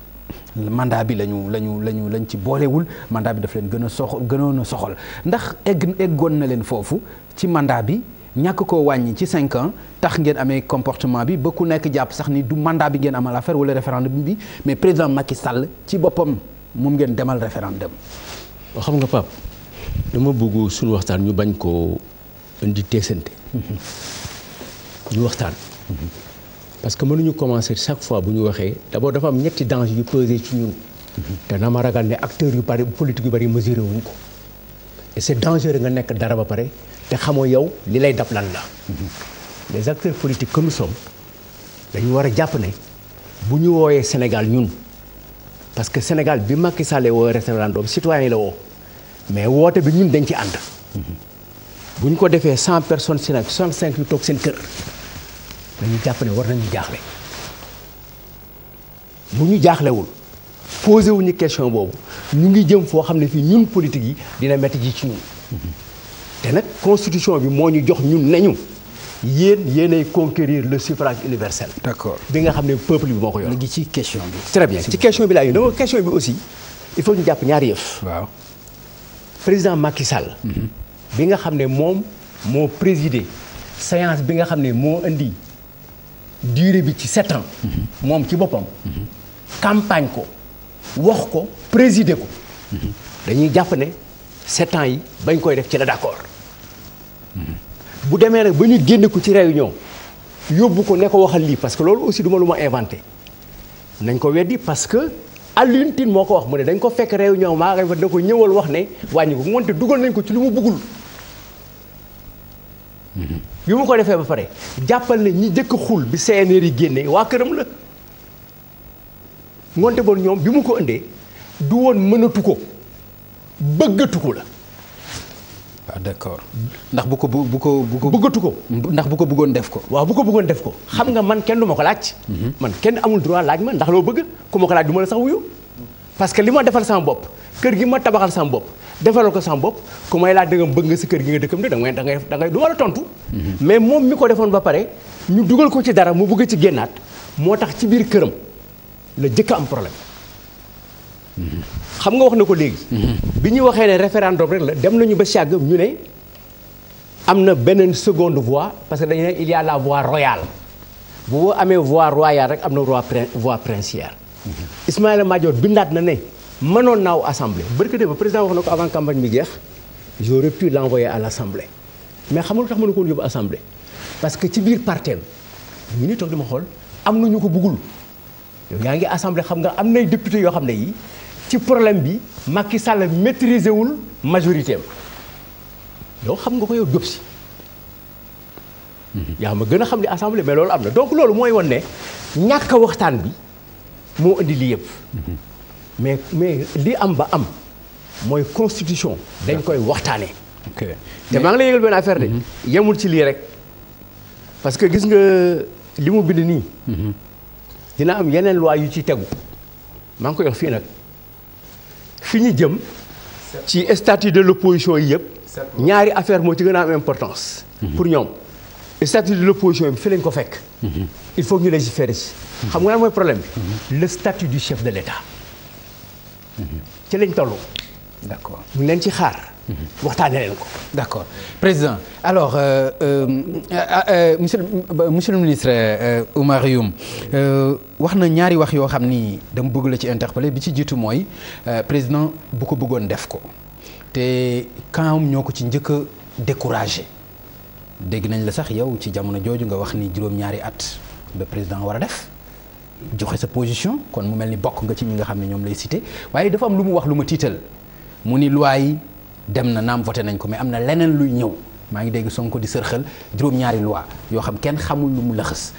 mandat bi lañu lañu lañu lañ ci boolewul mandat bi daf leen gën a gënoon a soxal ndax egg eggoon na leen foofu ci mandat bi ñàkk ko wàññi ci cinq ans tax ngeen amee comportement bi ba ku nekk jàpp sax ni du mandat bi ngeen amal affaire wala référendum bi mais président Macky Sall ci boppam moom ngeen demal référendum. waaw xam nga Pape dama bëgg suñu waxtaan ñu bañ koo indi teesante. Mhm. ñu waxtaan. Mhm. parce que mënuñu commencer chaque fois bu ñu waxee d'abord dafa am ñetti danger yu peser ci ñun te na ma ragal ne acteurs yu bari politique yu bari mesuré wuñ ko et c'est dangereux nga nekk dara ba pare te xamoo yow li lay dab lan la. les acteurs politiques que nous dañu war a jàpp ne bu ñu wooyee Sénégal ñun parce que Sénégal bi Macky Sall woo référendum citoyen yi la woo mais woote bi ñun dañ ci ànd. Mhm. bu ñu ko defee cent personne si nag soixante-cinq yu toog dañu jàpp ne war nañu jaaxle bu ñu jaaxlewul posé wuñu question boobu ñu ngi jëm foo xam ne fii ñun politique yi dina métti ji ci ñun te nag constitution bi moo ñu jox ñun nañu yéen yéenay conquérir le suffrage universel. d'accord bi nga xam ne peuple bi moo ko yor. léegi ci question bi. très bien ci question bi laa yor dama question bi aussi il faut ñu jàpp ñaari yëf. président Macky mhm. bi nga xam ne moom moo présidé séance bi nga xam ne moo indi. diire bi ci sept moom ci boppam campagne ko wax ko présider ko dañuy jàpp ne sept yi bañ koy def ci la d'accord bu demee nag ba ñu génne ko ci réunion yóbbu ko ne ko waxal lii parce que loolu aussi duma lu ma inventé nañ ko weddi parce que Alioune moo ko wax mu ne dañ ko fekk réunion maa nga fa ne ko ñëwal wax ne wàññi ko wante dugal nañ ko ci lu mu bëggul bi mu ko defee ba pare jàppal ne ñi jëkk xul bi CNR yi génne waa këram la ngoonte boon ñoom bi mu ko indee du woon mënatu ko bëggatu ko la waaw ah, d'accord ndax bu ko bu ko bu ko bëggatu ko ndax bu ko bëggoon def ko waaw bu ko bëggoon def ko xam nga man kenn du ma ko laaj mhm. man kenn amul droit laaj ma ndax loo bëgg ku ma ko laaj du ma la sax wuyu parce que li ma defal sama bopp kër gi ma tabaxal sama bopp defaral ko sama bopp ku may laa dëggam bëgg nga si kër gi nga dëkkam de da ngay da ngay da ngay du war a tontu. mais moom mi ko defoon ba pare ñu dugal ko ci dara mu bëgg ci génnaat moo tax ci biir këram la jëkk am problème. xam nga wax na ko léegi. bi ñuy waxee ne référendum rek la dem nañu ba sàgg ñu ne am na beneen seconde voie parce que dañu ne il y a voie royale bu amee voie royale rek am na voie voie princière. Ismaïla Madior bindaat na ne. mënoon naaw assemblée barke ba président wax na ko avant campagne bi jeex j'aurais pu l'envoyer à l'assemblée mais xam tax mënu koo woon yóbbu assemblée parce que ci biir parteem ñu ni toog di ma xool am na ñu ko buggul yow yaa ngi assemblée xam nga am na député yoo xam ne yi ci problème bi Macky Sall maîtriser wul majorité am yow xam nga ko yow dóp si mhm. yaa ma gën a xam ne assemblée mais loolu am na donc loolu mooy won ne ñàkk waxtaan bi moo indi yëpp mhm. mais mais li am ba am mooy constitution. dañ koy waxtaanee. ok te maa ngi lay yëgal benn affaire de. Mhm. yemul ci lii rek parce que gis nga li mu bind nii. Mhm. dina am yeneen loi yu ci tegu maa ngi koy wax fii nag fi ñu jëm. ci statut de l'opposition yi yëpp. ñaari affaire moo ci gën a am importance. Mhm. pour ñoom statut de l'opposition bi fi lañ ko fekk. il faut ñu légiférer si. xam nga lan mooy problème bi. le statut du chef de l'État. ci lañ toll. d' accord mu leen ci xaar. waxtaanee leen ko. d' accord président alors euh, euh, euh, euh monsieur euh, monsieur le ministre Oumar Youm wax na ñaari wax yoo xam ni dama bëgg la ci interpeller bi ci jiitu mooy président bu ko bëggoon def ko te quand ñoo ko ci njëkk a découragé dégg nañ la sax yow ci jamono jooju nga wax ni juróom-ñaari at le président war a def. joxe sa position kon mu mel ni bokk nga ci ñi nga xam ne ñoom lay cité waaye dafa am lu mu wax lu ma tiital mu ni loi yi dem na naam voté nañ ko mais am na leneen luy ñëw maa ngi dégg Sonko di sërxal juróom-ñaari loi yoo xam kenn xamul lu mu laxas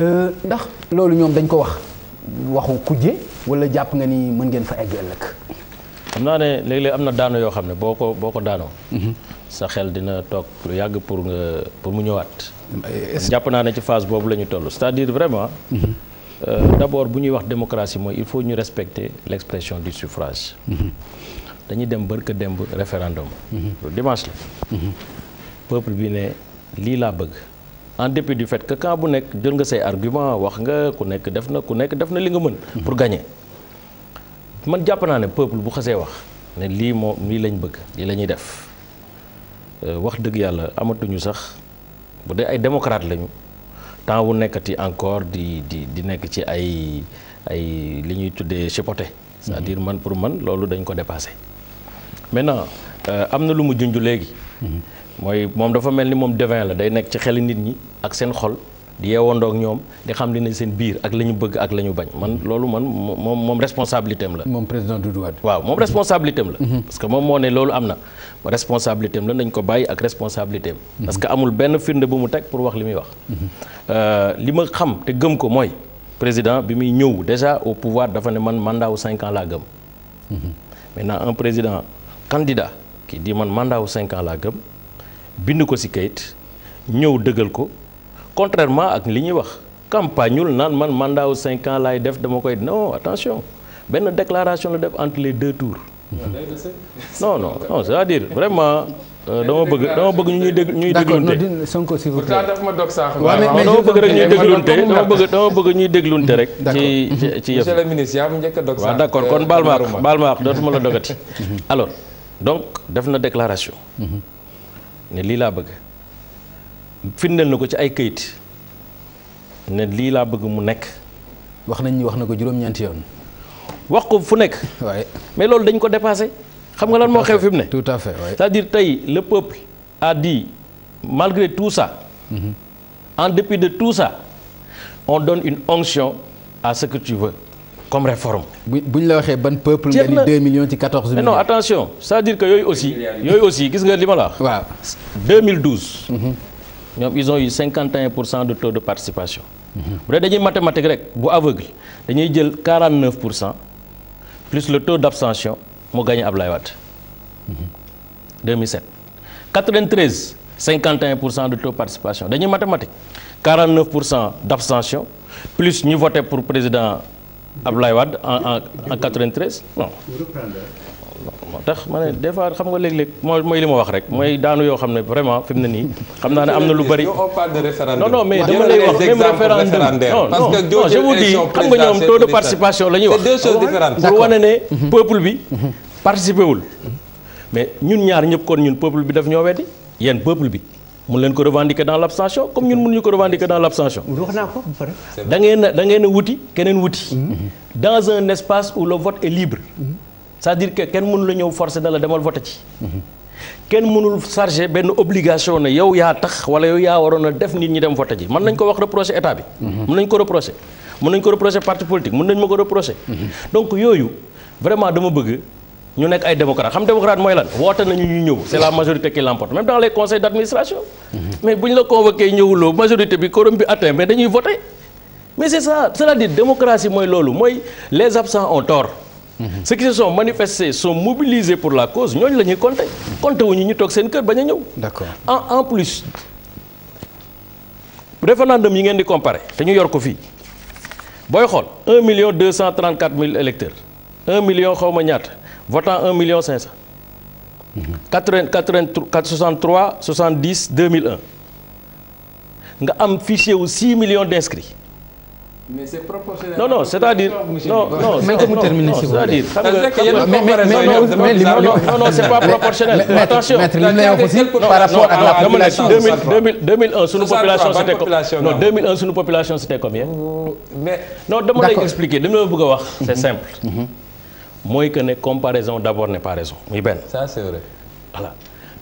euh, ndax loolu ñoom dañ ko wax waxu kujje wala jàpp nga ni mën ngeen fa egg ëllëg. xam naa am na daano yoo xam ne boo ko boo ko daanoo. Mhm. sa xel dina toog lu yàgg pour nga pour mu ñëwaat. jàpp naa ne ci phase boobu la ñu toll vraiment. Mhm. Euh, d'abord bu ñuy wax démocratie mooy il faut ñu respecter l'expression du suffrage. dañuy dem barka demb référendum. loolu dimanche la. peuple bi ne lii laa bëgg. en dépit du fait que quand bu nekk jël nga say argument wax nga ku nekk def na ku nekk def na li nga mën. pour gagner man jàpp naa ne peuple bu xasee wax ne lii moo lii lañ bëgg lii lañuy def euh, wax dëgg yàlla amatuñu sax bu dee ay démocrate lañu. temps wu nekkati encore di di di nekk ci ay ay li ñuy tuddee chipoté cest à man pour man loolu dañ ko dépassé maintenant euh, am na lu mu junj léegi mm-hmm. mooy moom dafa mel ni moom devin la day nekk ci xelu nit ñi ak seen xol di yeewandoog ñoom di xam li ne seen biir ak la ñu bëgg ak la ñu bañ man loolu man moom moom responsabilité am la. moom président Doudou Wade. waaw moom responsabilité la. Mhm. parce que moom moo ne loolu am na responsabilité am la nañ ko bàyyi ak responsabilité mhm. parce que amul benn firnde bu mu teg pour wax li muy wax. Mhm. Euh, li ma xam te gëm ko mooy président bi muy ñëw déjà au pouvoir dafa ne man mandat wu cinq ans laa gëm. maintenant un président candidat qui di man mandat wu cinq gëm bind ko ci kayit ñëw dëggal ko. contrairement ak li ñuy wax campagne ñul naan man mandat wu cinq ans laay def dama koy non attention benn déclaration la def entre les deux tours. non non non c'est-à-dire vraiment. Euh, dama bëgg dama bëgg ñuy dégg ñuy déglunte Sonko s'il vous plaît dama bëgg rek ñuy déglunte dama bëgg dama bëgg ñuy déglunte rek ci ci yëf monsieur le ministre yaa ma njëkk a dog waaw d'accord kon baal ma ak baal ma ak dootuma la dogati alors donc def na déclaration mhm. ne lii laa bëgg firndeel na ko ci ay kayit ne lii laa bëgg mu nekk. wax nañ ni wax na ko juróom-ñeenti yoon. wax ko fu nekk. waaye mais loolu dañ ko dépassé. xam nga lan moo xew fim mu ne. tout à fait ouais. c'est-à-dire tey le peuple a dit malgré tout sa mm-hmm. en dépit de tout sa on donne une onction a ce que tu veux comme réforme. bu buñ la waxee ban peuple. nga ni 2 millions ci 14 millions. mais non attention c'est-à-dire que yooyu aussi. yooyu aussi gis nga li ma la wax. waaw 2012. Mmh. ñoom ils ont eu 51 pour cent de taux de participation. bu dee dañuy mathématique rek bu aveugle dañuy jël 49 pour cent plus le taux d' abstention mu gagné Ablaye Wade. 2007 93 51 pour cent de taux de participation dañuy mathématique 49 pour cent d' abstention plus ñu voté pour président Ablaye Wade en en en 93 non. tax ma ne des fois xam nga léeg-léeg mooy mooy li ma wax rek mooy daanu yoo xam ne vraiment fi ne nii. xam naa ne am na lu bari on parle de référendum. non non mais dama lay wax même référendum non non non ne peuple bi mhm. Mhm. participé wul. mais ñun ñaar ñëpp kon ñun peuple bi daf ñoo weddi yéen peuple bi. mun leen ko revendiquer dans l'abstention comme ñun mënuñu ko revendiquer dans l'abstention. wax naa ko ba pare. da a da ngeen a wuti keneen wuti. Mhm. dans un espace où le vote est libre. c'est-à-dire que kenn mënu la ñëw forcé na la demal voté ci kenn mënul chargé benn obligation na yow yaa tax wala yow yaa waroon a def nit ñi dem voté ji man nañ ko wax reproché état bi mën nañ ko reproché mën nañ ko reproché parti politique mën nañ ma ko reproché donc yooyu vraiment dama bëgg ñu nekk ay démocrate xam démocrate mooy lan woote nañu ñu ñëw c'est la majorité qui l'emporte même dans les conseils d'administration mais bu ñu la convoqué ñëwuloo mooy loolu mooy les absents ont tort Mm-hmm. ceux qui se sont manifestés sont pour la cause ñooñu la ñuy compter compter wuñu ñu toog seen kër bañ a ñëw. en en plus référendum yi ngeen di comparer te ñu yor ko fii booy xool 1 million 234 mille électeurs 1 million xaw ma ñaata votant 1 million 500. 80 83 63 70 2001 nga am fichier wu million millions d'inscrits. mais c'est proportionnel. non non c'est-à-dire non non c'est-à-dire xam nga mais mais li non non c'est pas proportionnel. attention maître li lay wax aussi par rapport ak la population. 2000 2001 sunu population c'était comme non 2001 sunu population c'était combien. mais non dama lay expliquer dama la bëgg a wax. c'est simple. mooy que ne comparaison d'abord n'est pas raison muy benn. ça c'est vrai. voilà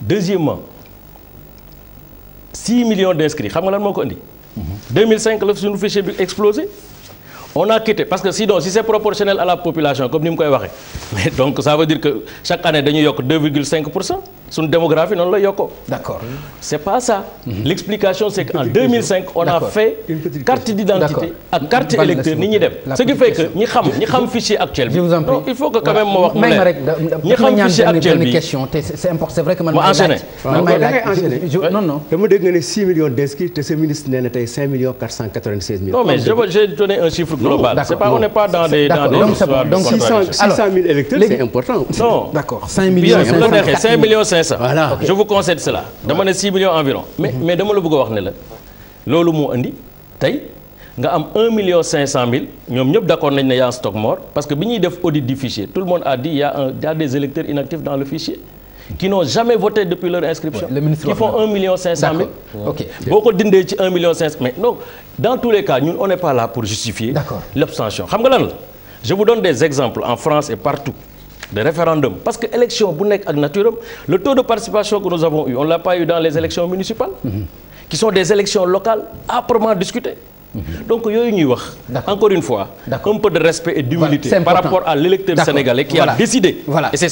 deuxièmement 6 millions d'inscrits xam nga lan moo ko indi. 2005 la suñu fichier bi explosé on a quitté parce que sinon si c'est proportionnel à la population comme ni mu koy waxee donc ça veut dire que chaque année dañu yokk 2,5 démographie noonu la yokkoo. d'accord c'est pas ça. Mhm. l'explication c'est qu'en 2005 on a fait carte d'identité ak carte électeur nit ñi dem. ce qui fait que ñi xam ñi actuel bi. il faut que quand ma wax mu ne ñi xam fichier actuel bi te ma dégg nga ne 6 millions d'inscrits te sa ministre nee tey millions 496 mille. global. c'est pas on n'est pas dans des dans des histoires donc 600 000 électeurs c'est important. non d'accord 5 millions 500 bien je vous concède cela. dama ne 6 millions environ. mais mais dama la bëgg wax ne la loolu moo indi tey nga am 1 million 500 mille ñoom ñëpp d'accord nañ ne y un stock mort parce que bi ñuy def audit du fichier tout le monde a dit il y a des électeurs inactifs dans le fichier. qui n'ont jamais voté depuis leur inscription. qui font million 500 000. ci 1 million 500 mais donc dans tous les cas ñun on n'est pas là pour justifier. d'accord l'abstention donne des exemples en France et partout. de référendum parce que élection bu nekk ak nature am le taux de participation que nous avons eu on l'a pas eu dans les élections municipales. Mm-hmm. qui sont des élections locales âprement discutées. Mm-hmm. donc yooyu ñuy wax. encore une fois. un peu de respect et d'humilité voilà, par rapport à l'électeur sénégalais a décidé. voilà et c'est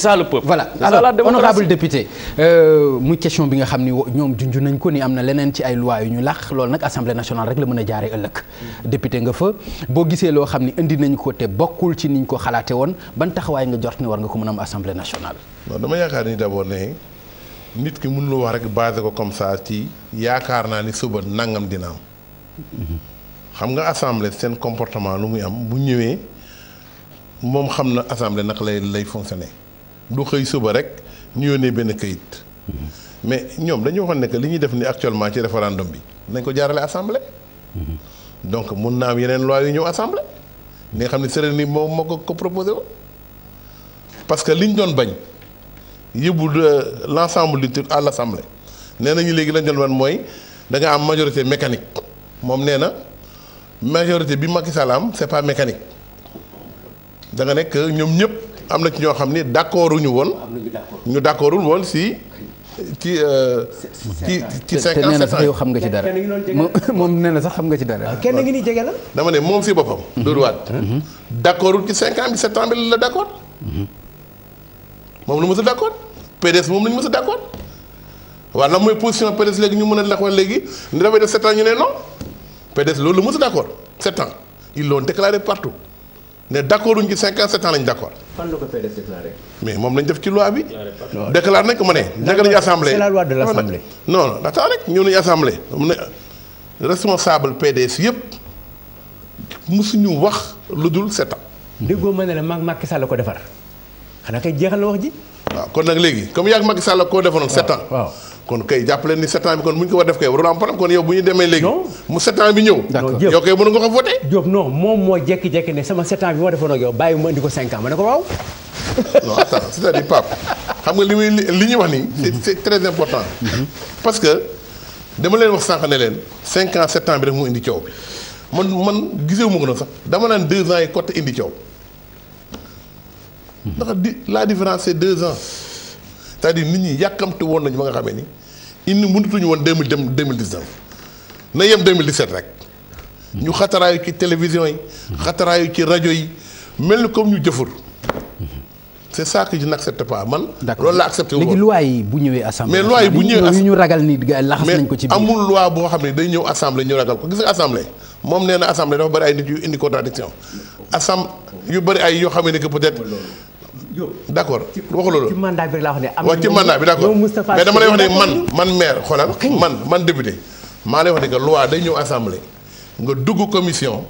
député. Euh, muy question bi nga xam ni ñoom junj nañ ko ni am na leneen ci ay loi yu ñu lax lool nag assemblée nationale rek la mën a jaaree ëllëg. Mm-hmm. député nga fa boo gisee loo xam ni indi nañ ko te bokkul ci niñ ko xalaate woon ban taxawaay nga jort ni war nga ko mën a am assemblée nationale. non dama yaakaar ni d'abord ne nit ki mënul wax rek basé ko comme ça ci yaakaar naa ni suba nangam dina am. Mm-hmm. xam nga assemblée seen comportement lu muy am bu ñëwee moom xam na assemble nag lay lay fonctionner du xëy suba rek ñu yónnee benn këyit mais ñoom dañoo waxoon ne que li ñuy def ni actuellement ci référendum bi nañ ko jaarale assemblée. donc mun naa am yeneen loi yu ñëw assemblée. li xam ne sëriñ ni moom moo ko ko proposé woon parce que liñ doon bañ yóbbu l' ensemble du à l' assemblée nee nañu léegi lañ doon bañ mooy da am majorité mécanique moom nee na. majorité bi Macky Sall am c'est pas mécanique da nekk ñoom ñëpp am na ci ñoo xam ni d'accorduñu woon. ñu d'accordul woon si. ci euh, ci ci cinq ans sax yow xam nga ci dara moom nee sax xam nga ci dara. kenn ngi ah, ni jege la. dama ne moom si boppam. Mhm. Doudou Wade. Mhm. d'accordul ci cinq ans bi sept bi la d'accord. Mhm. moom lu mës a d'accord PDS moom la ñu mës a d'accord waaw lan mooy position PDS léegi ñu mën a la wax léegi ni dafay def sept ñu ne non. PDS loolu la mësu d' accord sept ans ils partout ne d' accord uñ ci cinq ans ko mais moom lañ def ci loi bi. déclaré nañ ko ma ne. nekk nañu assemblée c'est la loi de l' assemblée. non non attends rek ñëw nañu assemblée mu ne responsable PDS yëpp mësuñu wax lu dul sept ans. déggoo ma ne la Macky Sall la ko defar xanaa kay jeexal na wax ji. waaw kon nag léegi comme yàgg Macky la koo defoon sept ans waaw kon kay jàppale ni sept ans bi kon bu ñu ko war def kay warul am problème kon yow bu ñu demee léegi mu sept bi ñëw yow kay nga ko voté Diop non moom moo jekki-jekki ne sama sept bi ma defoon yow bàyyi ma indi ko cinq ans ma ne ko xam nga li muy li ñuy wax nii c'est parce que dama leen wax sànq ne leen cinq ans sept ans bi rek mu indi coow man man gisewu ma ko sax dama naan deux ans yi côté indi coow ndax di la différence c'est deux ans c'est-à-dire nit ñi yàkkamti woon nañu ba nga xame ni indi mënatuñu woon deux mille deux mille dix neuf na yem deux mille dix sept rek. ñu xataraayu ci télévision yi. xataraayu ci rajo yi mel ni comme ñu jëfur. c'est ça que je n'accepte pas man. d'accord loolu la accepté wu léegi loi yi bu ñëwee assemblée. mais loi yi bu ñëwee assemblée ñu ragal ni laxas nañ ko ci biir. amul loi boo xam ne day ñëw assemblée ñu ragal ko gis nga assemblée moom nee na assemblée dafa bari ay nit yu indi contradiction assemblée yoo xam ne que peut-être. d' accord waxu loolu. ci mandat bi laa wax ne am na ci mandat bi d' accord mais dama lay wax ne man man maire xoolal man man député maa lay wax ne que loi day ñëw assemblée nga dugg commission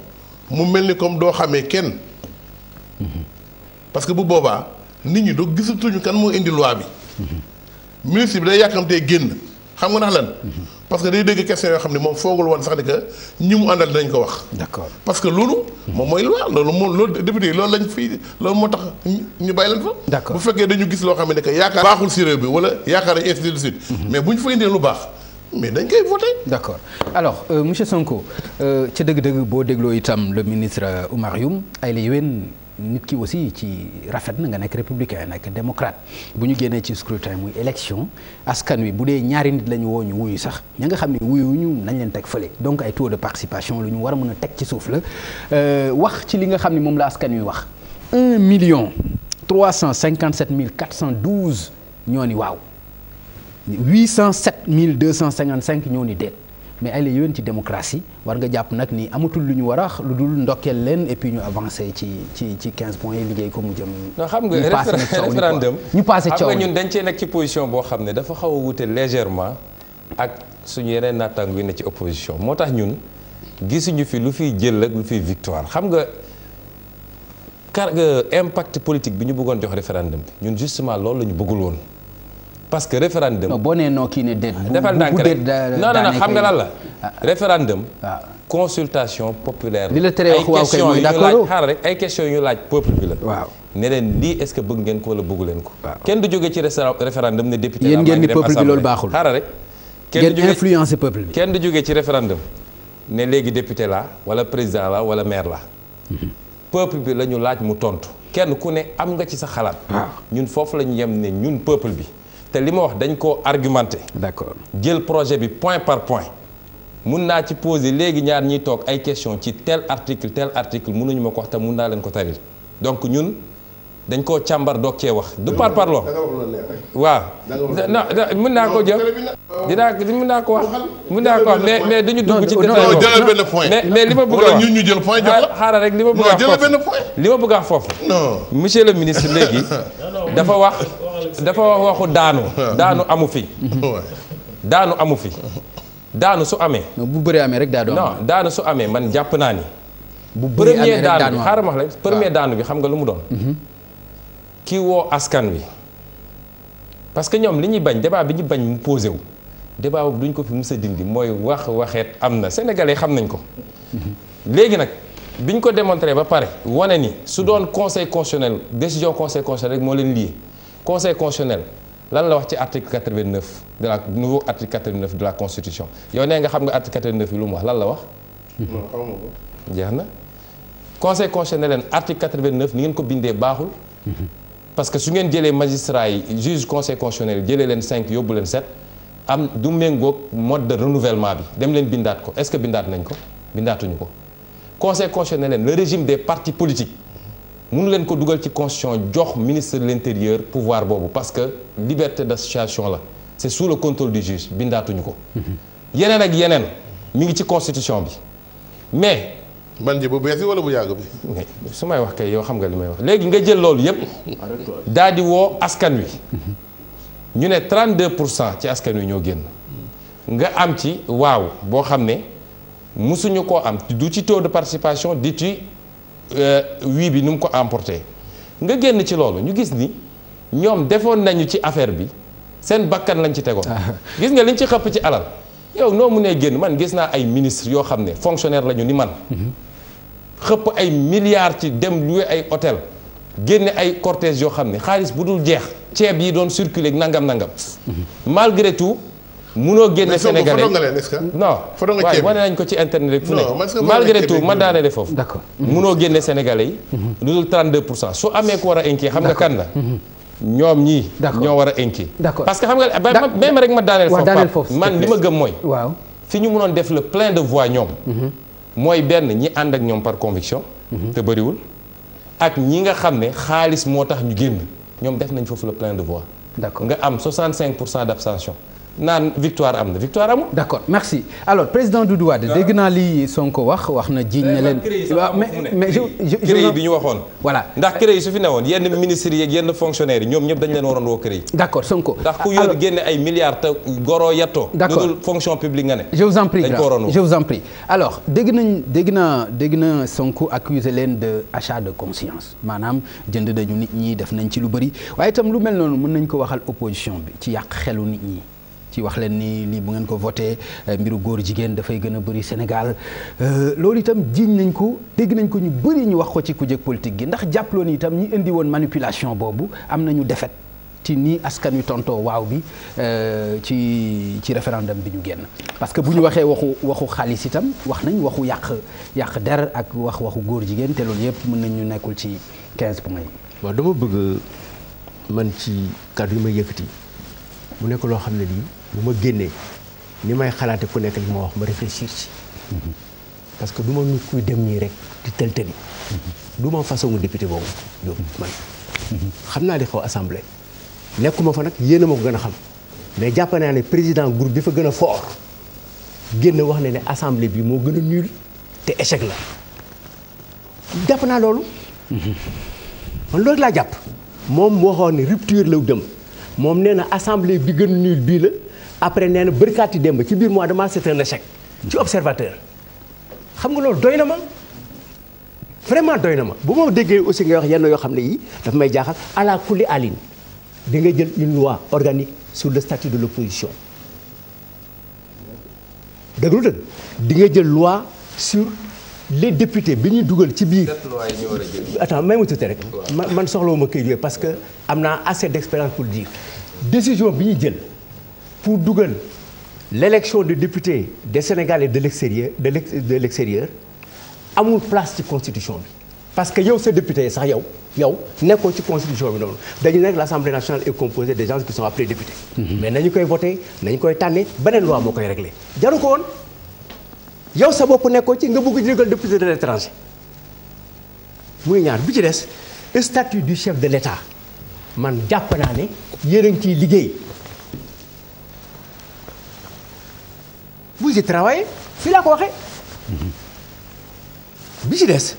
mu mel ni comme doo xamee kenn parce que bu boobaa nit ñi doo gisatuñu kan moo indi loi bi mhm. ministre bi day yàkkamtee génn xam nga ndax lan. Mhm. parce que day dégg question yoo xam ne moom foogul woon sax ni que ñi mu àndal dinañ ko wax. d'accord parce que loolu. moom mooy loi loolu moom loolu député loolu lañ fii loolu moo tax ñu bàyyi leen fa. d'accord bu fekkee dañu gis loo xam ne que yaakaar baaxul si réew bi wala yaakaar nañu ainsi de suite. Mm-hmm. mais bu ñu fa indee lu baax. mais dañ koy voté. d'accord alors euh, monsieur Sonko euh, ca dëgg-dëgg boo dégloo itam le ministre euh, Oumar Youm ay la yéwén nit ki aussi ci rafet na nga nekk républicain nekk démocrate bu ñu génnee ci scrutin muy élection askan wi bu dee ñaari nit la ñu woo ñu wuyu sax ña nga xam ne wuyuñu nañ leen teg fële donc ay taux de participation lu ñu war a mën a teg ci suuf la euh, wax ci li nga xam ne moom la askan wi wax million trois cent cinquante sept mille quatre cent douze ñoo ni waaw huit cent sept mille deux cent cinquante cinq ñoo ni déet mais ay la yéwén ci démocratie war nga jàpp nag ni amatul lu ñu war lu dul ndokkeel leen et ñu avancé ci ci ci 15 points yi liggéey ko mu jëm. ñu xam nga référendum ñu passé ñun dañ cee nekk ci position boo xam ne dafa xaw a wute légèrement ak suñu yeneen naataango yi ne ci opposition moo tax ñun gisuñu fi lu fiy jël ak lu fiy victoire xam nga car euh, impact politique bi ñu bëggoon jox référendum bi ñun justement loolu la ñu bëggul woon. parce que référendum. non boo nee noo kii ne déet. defal ndànk rek non non xam nga lan la. Ah, ah. référendum. Ah. consultation populaire. li la tere wax waaw kay mooy d'accord xaar rek ay questions yu ñu laaj peuple bi la. waaw ne leen lii est-ce que bëgg ngeen ko wala bëgguleen ko. kenn du jógee ci référendum ne député. yéen ngeen ni peuple bi loolu baaxul xaaral rek. kenn du jógee influencer peuple bi. kenn du jógee ci référendum ne léegi député la wala président la wala maire la. Mhm. peuple bi la ñu laaj mu tontu. kenn ku ne am nga ci sa xalaat. ñun foofu la ñu ne ñun peuple bi te li ma wax dañ koo argumenté. d'accord jël projet bi point par point mun naa ci poser léegi ñaar ñiy toog ay question ci tel article tel article mënuñu ma ko wax te mun naa leen ko taril donc ñun dañ koo càmbar doog cee wax. du par parloo waaw. mun naa ko jël dinaa mun naa ko wax. mun naa ko wax mais mais duñu dugg ci. mais mais li ma a wax ñu jël point xaaral rek li ma bëgg a foofu li ma le ministre léegi dafa wax. dafa wax waxu daanu. daanu amu fi. daanu amu fi. daanu su amee. bu bëree amee rek daanu non daanu su amee man jàpp naa ni. bu bëree amee rek daanu bi xaaral ma wax la premier daanu bi xam nga lu mu doon. Mhm. kii woo askan wi. parce que ñoom li ñuy bañ debaa bi ñu bañ mu posé wu. débat boobu duñ ko fi mu a dindi mooy wax waxeet am na sénégalais xam nañ ko. Mhm. léegi nag biñ ko démontré ba pare wane ni su doon conseil constitutionnel décision conseil constitutionnel rek moo leen lii. conseil constitutionnel lan la wax ci article 89 de la nouveau article de la constitution yow nee nga xam nga article 89 bi lu mu wax lan la wax. jeex na conseil constitutionnel leen article 89 ni ngeen ko bindee baaxul. parce que su ngeen jëlee magistrats yi juge conseil constitutionnel jëlee leen cinq yóbbu leen 7 am du méngoog mode de renouvellement bi dem leen bindaat ko est-ce que bindaat nañ ko bindaatuñu ko conseil constitutionnel leen le régime des partis politiques. mënu leen ko dugal ci constitution jox ministre de l'intérieur pouvoir boobu parce que liberté d'association la c'est sous le contrôle du juge bindaatuñu ko. yeneen ak yeneen mu ngi ci constitution bi mais. ban ji bu bees yi wala bu yàgg bi. su may wax kay yow xam nga li may wax léegi nga jël loolu yépp daal di woo askan wi. ñu ne 32 pour cent ci askan wi ñoo génn. nga am ci waaw boo xam ne musuñu koo am du ci taux de participation di wii euh, bi nu mu ko emporté nga génn ci loolu ñu gis ni ñoom defoon nañu ci affaire bi seen bakkan lañ ci tegoon. gis nga liñ ci xëpp ci alal yow noo munee génn man gis naa ay ministre yoo xam ne fonctionnaire lañu ni man. Mhm. xëpp ay milliards ci dem loué ay hôtel génne ay cortège yoo xam ne xaalis bu dul jeex. ceeb yi doon circuler nangam nangam. Mhm. munoo génne sénégalais non waaye wane nañ ko ci internet rek fu ne malgré tout man daanele foofu d'accord munoo génne sénégalais yi mhm. lu dul 32 pour cent su amee ko war a inquiet xam nga kan la mhm. ñoom ñii ñoo war a inquiet parce que xam nga même rek ma daaneel foofu man li ma gëm mooy waaw fi ñu mënoon def le plein de voix ñoom mhm. mooy benn ñi ànd ak ñoom par conviction te bariwul ak ñi nga xam ne xaalis moo tax ñu génn ñoom def nañ foofu le plein de voix d'accord nga am 65 pour cent d'abstention naan victoire am na victoire amul. d' merci alors président Doudou Wade. waaw ah. dégg naa li Sonko wax wax na jiiñ na eh, leen. waaw mais mais je je bi ñu waxoon. wala ndax CREI su fi ne woon yenn ministres yeeg yenn fonctionnaires yi ñoom ñëpp dañu leen waroon woo CREI. d' accord Sonko ndax ku yor génne ay milliards te goroo yattoo. fonction publique nga ne. je vous en prie je vous en prie nañ dégg naa dégg na Sonko accusé leen de achat de conscience maanaam jënd dañu nit ñi def nañ ci lu bëri waaye itam lu mel noonu mën nañ ko waxal opposition bi ci yàq xelu nit ñi ci wax leen ni lii bu ngeen ko voté euh, mbiru góor jigéen dafay gën a bëri Sénégal euh, loolu itam jiiñ nañ ko dégg nañ ko ñu bëri ñu wax ko ci kujje politique gi ndax jàpploon itam ñu indi woon manipulation boobu am nañu defet ci nii askan wi tontoo waaw bi euh, ci ci référendum bi ñu génn parce que bu ñu waxee waxu waxu xaalis itam wax nañ waxu yàq yàq der ak wax waxu góor jigéen te loolu yëpp mën nañ ñu nekkul ci quinze points yi. waaw dama bëgg man ci kàddu yi may yëkkati mu nekk loo xam ne lii bu ma génnee ni may xalaate ku nekk li ma wax ma réfléchir ci parce que du ma kuy dem nii rek di tëltëli du ma façon député boobu Diop man xam naa li xaw assemblée nekkuma fa nag yéen a ma ko gën a xam mais jàpp naa ne président groupe bi fa gën a fort génn wax ne ne assemblée bi moo gën a nul te échec la jàpp naa loolu man loolu laa jàpp moom waxoon ne rupture la dem moom nee na assemblée bi gën nul bii la après nee na bërkaati démb ci biir mois de mars c'est un échec ci observateur xam loolu doy na ma vraiment doy na ma bu ma déggee aussi wax yenn yoo xam ne yi daf may jaaxal ala kulli alin di nga jël une loi organique sur le statut de l'opposition dëgg nga jël loi sur les députés bi ñuy dugal ci biir. attends may ma tuuti rek. man soxlawuma këyit yooyu parce que am naa assez d'expérience pour dire décision bi ñuy jël. pour dugal lelection de député de Sénégalais de l'extérieur de l'extérieur amul place ci constitution bi parce que yow sa député sax yow yow nekkoo ci constitution bi noonu dañu nekk l'Assemblée nationale est composée des gens qui sont appelés députés mhm. mais nañu koy voté nañu koy tànne beneen loi moo koy réglé jaru ko woon yow sa bopp nekkoo ci nga bëgg dugal député de l'étranger muy ñaar bi ci des statut du chef de l'État man jàpp naa ne a ngi ciy liggéey vous y travaillez fii laa ko waxee bi ci des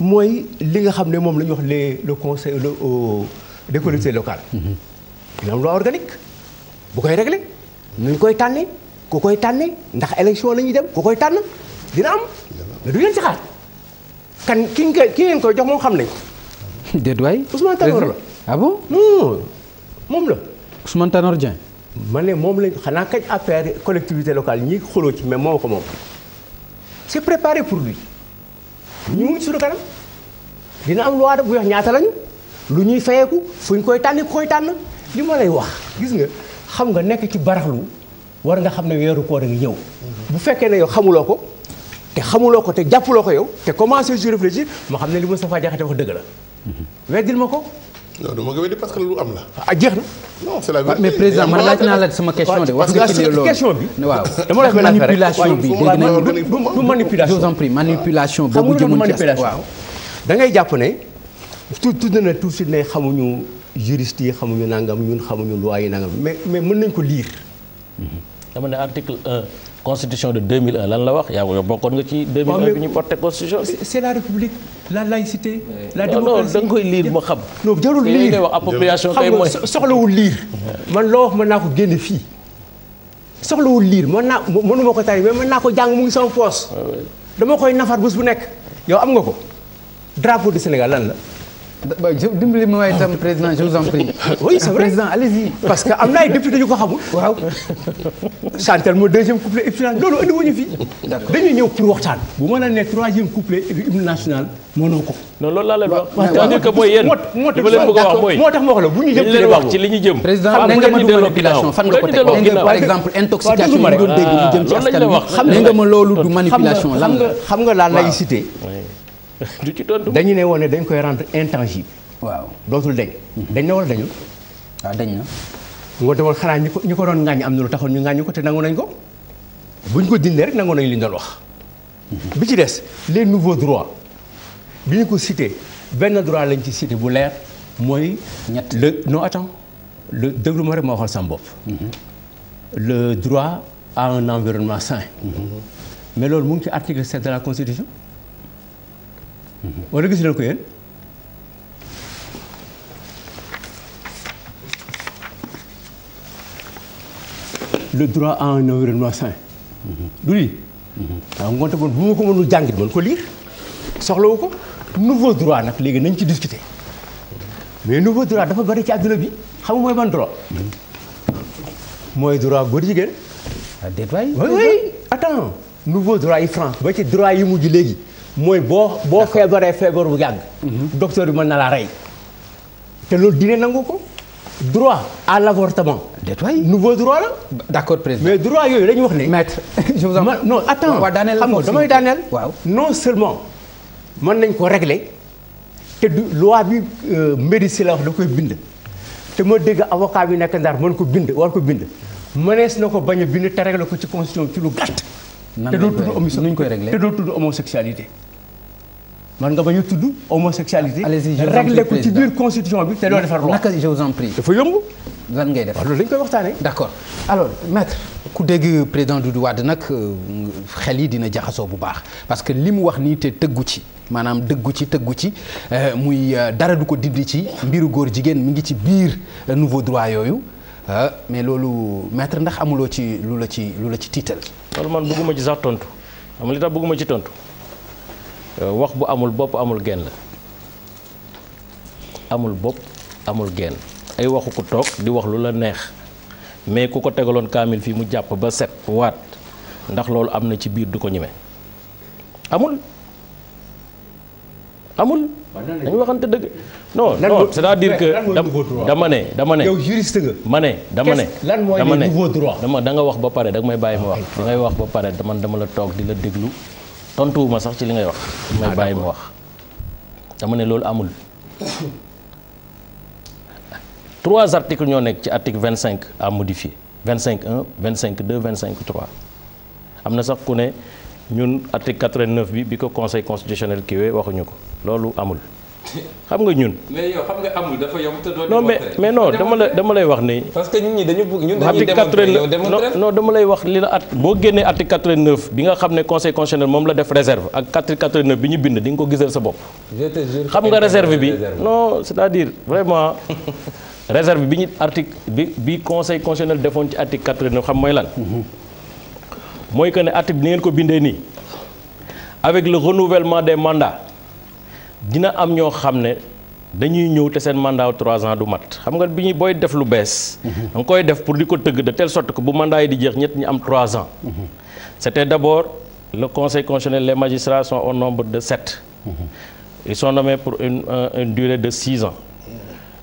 mooy li nga xam ne moom la wax les le le des collectivités locales. dina am loi organique bu koy réglé koy tànnee ku koy tànnee ndax élection la ñuy dem ku koy tànn dina am. mais du leen ci xaar kan ki ngeen koy jox moom xam nañ ko. déet waay Ousmane Tanor la ah bon. non moom la. Ousmane Tanor ma ne moom lañ xanaa kañ affaire collectivité local ñi xuloo ci mais moo ko moom c'est préparé pour lui ñu ngi suñu kanam dina am loi de bu wax ñaata lañu lu ñuy fayeeku fu ñu koy tànni ku koy tànn li ma lay wax gis nga xam nga nekk ci baraxlu war nga xam ne weeru koor a ngi ñëw bu fekkee ne yow xamuloo ko te xamuloo ko te jàppuloo ko yow te commencé je réfléchir ma xam ne li Moustapha Diakhaté wax dëgg la mhm. weddil ma ko non du ma que lu ah, ah, président man la sama question de. wax nga ci loolu question bi. waaw dama la manipulation bi dégg nañu du manipulation. je vous en prie manipulation boobu jëmul ci waaw. da jàpp ne tout na ne tout si xamuñu juriste yi xamuñu nangam ñun xamuñu loi nangam mais mais mën nañ ko lire. Mm-hmm. dama ne constitution de 2001 lan la wax yaa ngi bokkoon nga ci 2001 bi ñu porté constitution bi. c'est la république la laïcité. la démocratie non da liir ma xam. non jarul liir te wax appropriation kay mooy soxlawul liir. man loo wax mën naa ko génne fii soxlawul liir mën naa mënu ma ko tari mais mën naa ko jàng mu ngi sama poos. Ah dama koy nafar bés bu nekk yow am nga ko drapeau du Sénégal lan la. dimbali ma waay itam président je vous en prie. oui c'est président allez-y. parce que am na ay député yu ko xamul. waaw. Chantal moo deuxième couplet hymne loolu andi wuñu fi. d'accord dañuy ñëw waxtaan. bu a ne troisième couplet hymne national mënoo ko. non loolu laa leen wax. waaw waaw c'est-à-dire que mooy yéen. moo tax moo tax ma wax la bu ñu jëm ci li wax président nee ma dugal manipulation fan nga ko teg nee par exemple intoxication. waaw waaw loolu du manipulation lan la xam nga la laïcité du ci tontu dañu ne woon ne dañ koy rendre intangible. waaw dootul dañ. Mhm. Ah, dañ na wala dañu. waaw dañ na. nga demoon xanaa ñi ko ñu ko doon ŋàññi am na lu taxoon ñu ŋàññi ko te nangu nañ ko buñ ko dindee rek nangu nañ li ñu doon wax. Mhm. bi ci des les nouveaux droits bi ñu ko cité benn droit lañ ci cité bu leer mooy. ñett le non attends le déglu ma rek ma waxal sama bopp. Mhm. le droit à un environnement sain. mais loolu mu ngi ci article 7 de wala gis leen ko yéen. le droit à un environnement sain. du lii. waaw ngoonte man bu ma ko mënul jàngit man ko lire soxlawu ko nouveau droit nag léegi nañ ci discuter mais nouveau droit dafa bari ci àdduna bi xam nga mooy ban droit. mooy droit góor jigéen. ah déet waay. oui oui attends nouveau droit yi France ba ci droit yi mujj léegi. mooy boo boo feebaree feebar bu yàgg. Mhm. docteur bi mën na laa rey. te loolu dina nangu ko. droit à l'avortement. détoy nouveau droit la. d'accord président mais droit yooyu dañu wax ne. maître je vous en prie non attends xam nga damay daaneel. waaw non seulement mën nañ ko regle te du loi bi euh, médecin la wax da koy bind. te ma dégg avocat bi nekk ndar mën ko bind war ko bind mënees na ko bañ a bind te régler ko ci constitution ci lu gàtt. te doo tudd homo nuñ koy réglé te doo homosexualité. man nga bañ a tudd homosexualité. allez-y réglé ko ci biir constitution bi te doo defar loi. naka je vous en prie. dafa yomb. lan ngay def loolu dañ koy waxtaanee. d'accord alors maître. ku dégg président Doudou Wade nag euh, xel yi dina jaxasoo bu baax parce que li mu wax nii te tëggu ci maanaam dëggu ci tëggu ci euh, muy euh, dara du ko dindi ci mbiru góor jigéen mi ngi ci biir nouveau droit yooyu. Euh, mais loolu maître ndax amuloo ci lu la ci lu la ci tiital. loolu man bëgguma ci sax tontu xam li tax bëgguma ci tontu euh, wax bu amul bopp amul genn la amul bopp amul genn ay waxu ku toog di wax lu la neex mais ku ko tegaloon kaamil fii mu jàpp ba set waat ndax loolu am na ci biir du ko ñeme amul amul dañu waxante dëgg non non c'est-à-dire que dama ne dama ne. yow ma ne dama ne lan mooy le nouveau droit dama da nga wax ba pare da nga may bàyyi ma wax. da ngay wax ba pare man dama la toog di la déglu tontuwuma sax ci li ngay wax. may ah, bàyyi ma wax dama ne loolu amul. trois articles ñoo nekk ci article vingt cinq à modifier vingt cinq un vingt cinq deux vingt cinq trois am na sax ku ne ñun article quatre vingt neuf bi bi ko conseil constitutionnel kiiwee waxuñu ko loolu amul. xam nga ñun. mais yow nga amul dafa yomb te doo non mais mais non dama la dama lay wax ni. parce que ñun ñi dañu bëgg ñun dañuy démontrer yow démontrer non dama lay wax li la at boo génnee article 89 bi nga xam ne conseil constitutionnel moom la def réserve ak article 89 bi ñu bind di nga ko gisal sa bopp. xam nga réserve bi non c'est-à-dire vraiment réserve bi ñu article bi bi conseil constitutionnel defoon ci article 89 xam mooy lan. Mhm. mooy que ne article bi ni ngeen ko bindee nii avec le renouvellement des manda dina am ñoo xam ne dañuy ñëw te seen mandat trois ans du mat xam nga bi ñuy booy def lu bees. Mhm. da nga koy def pour di ko tëgg de telle sorte que bu mandat yi di jeex ñett ñi am trois ans. Mhm. c'était d'abord le conseil les magistrats sont au nombre de sept. Mhm. ils sont pour une une de six ans.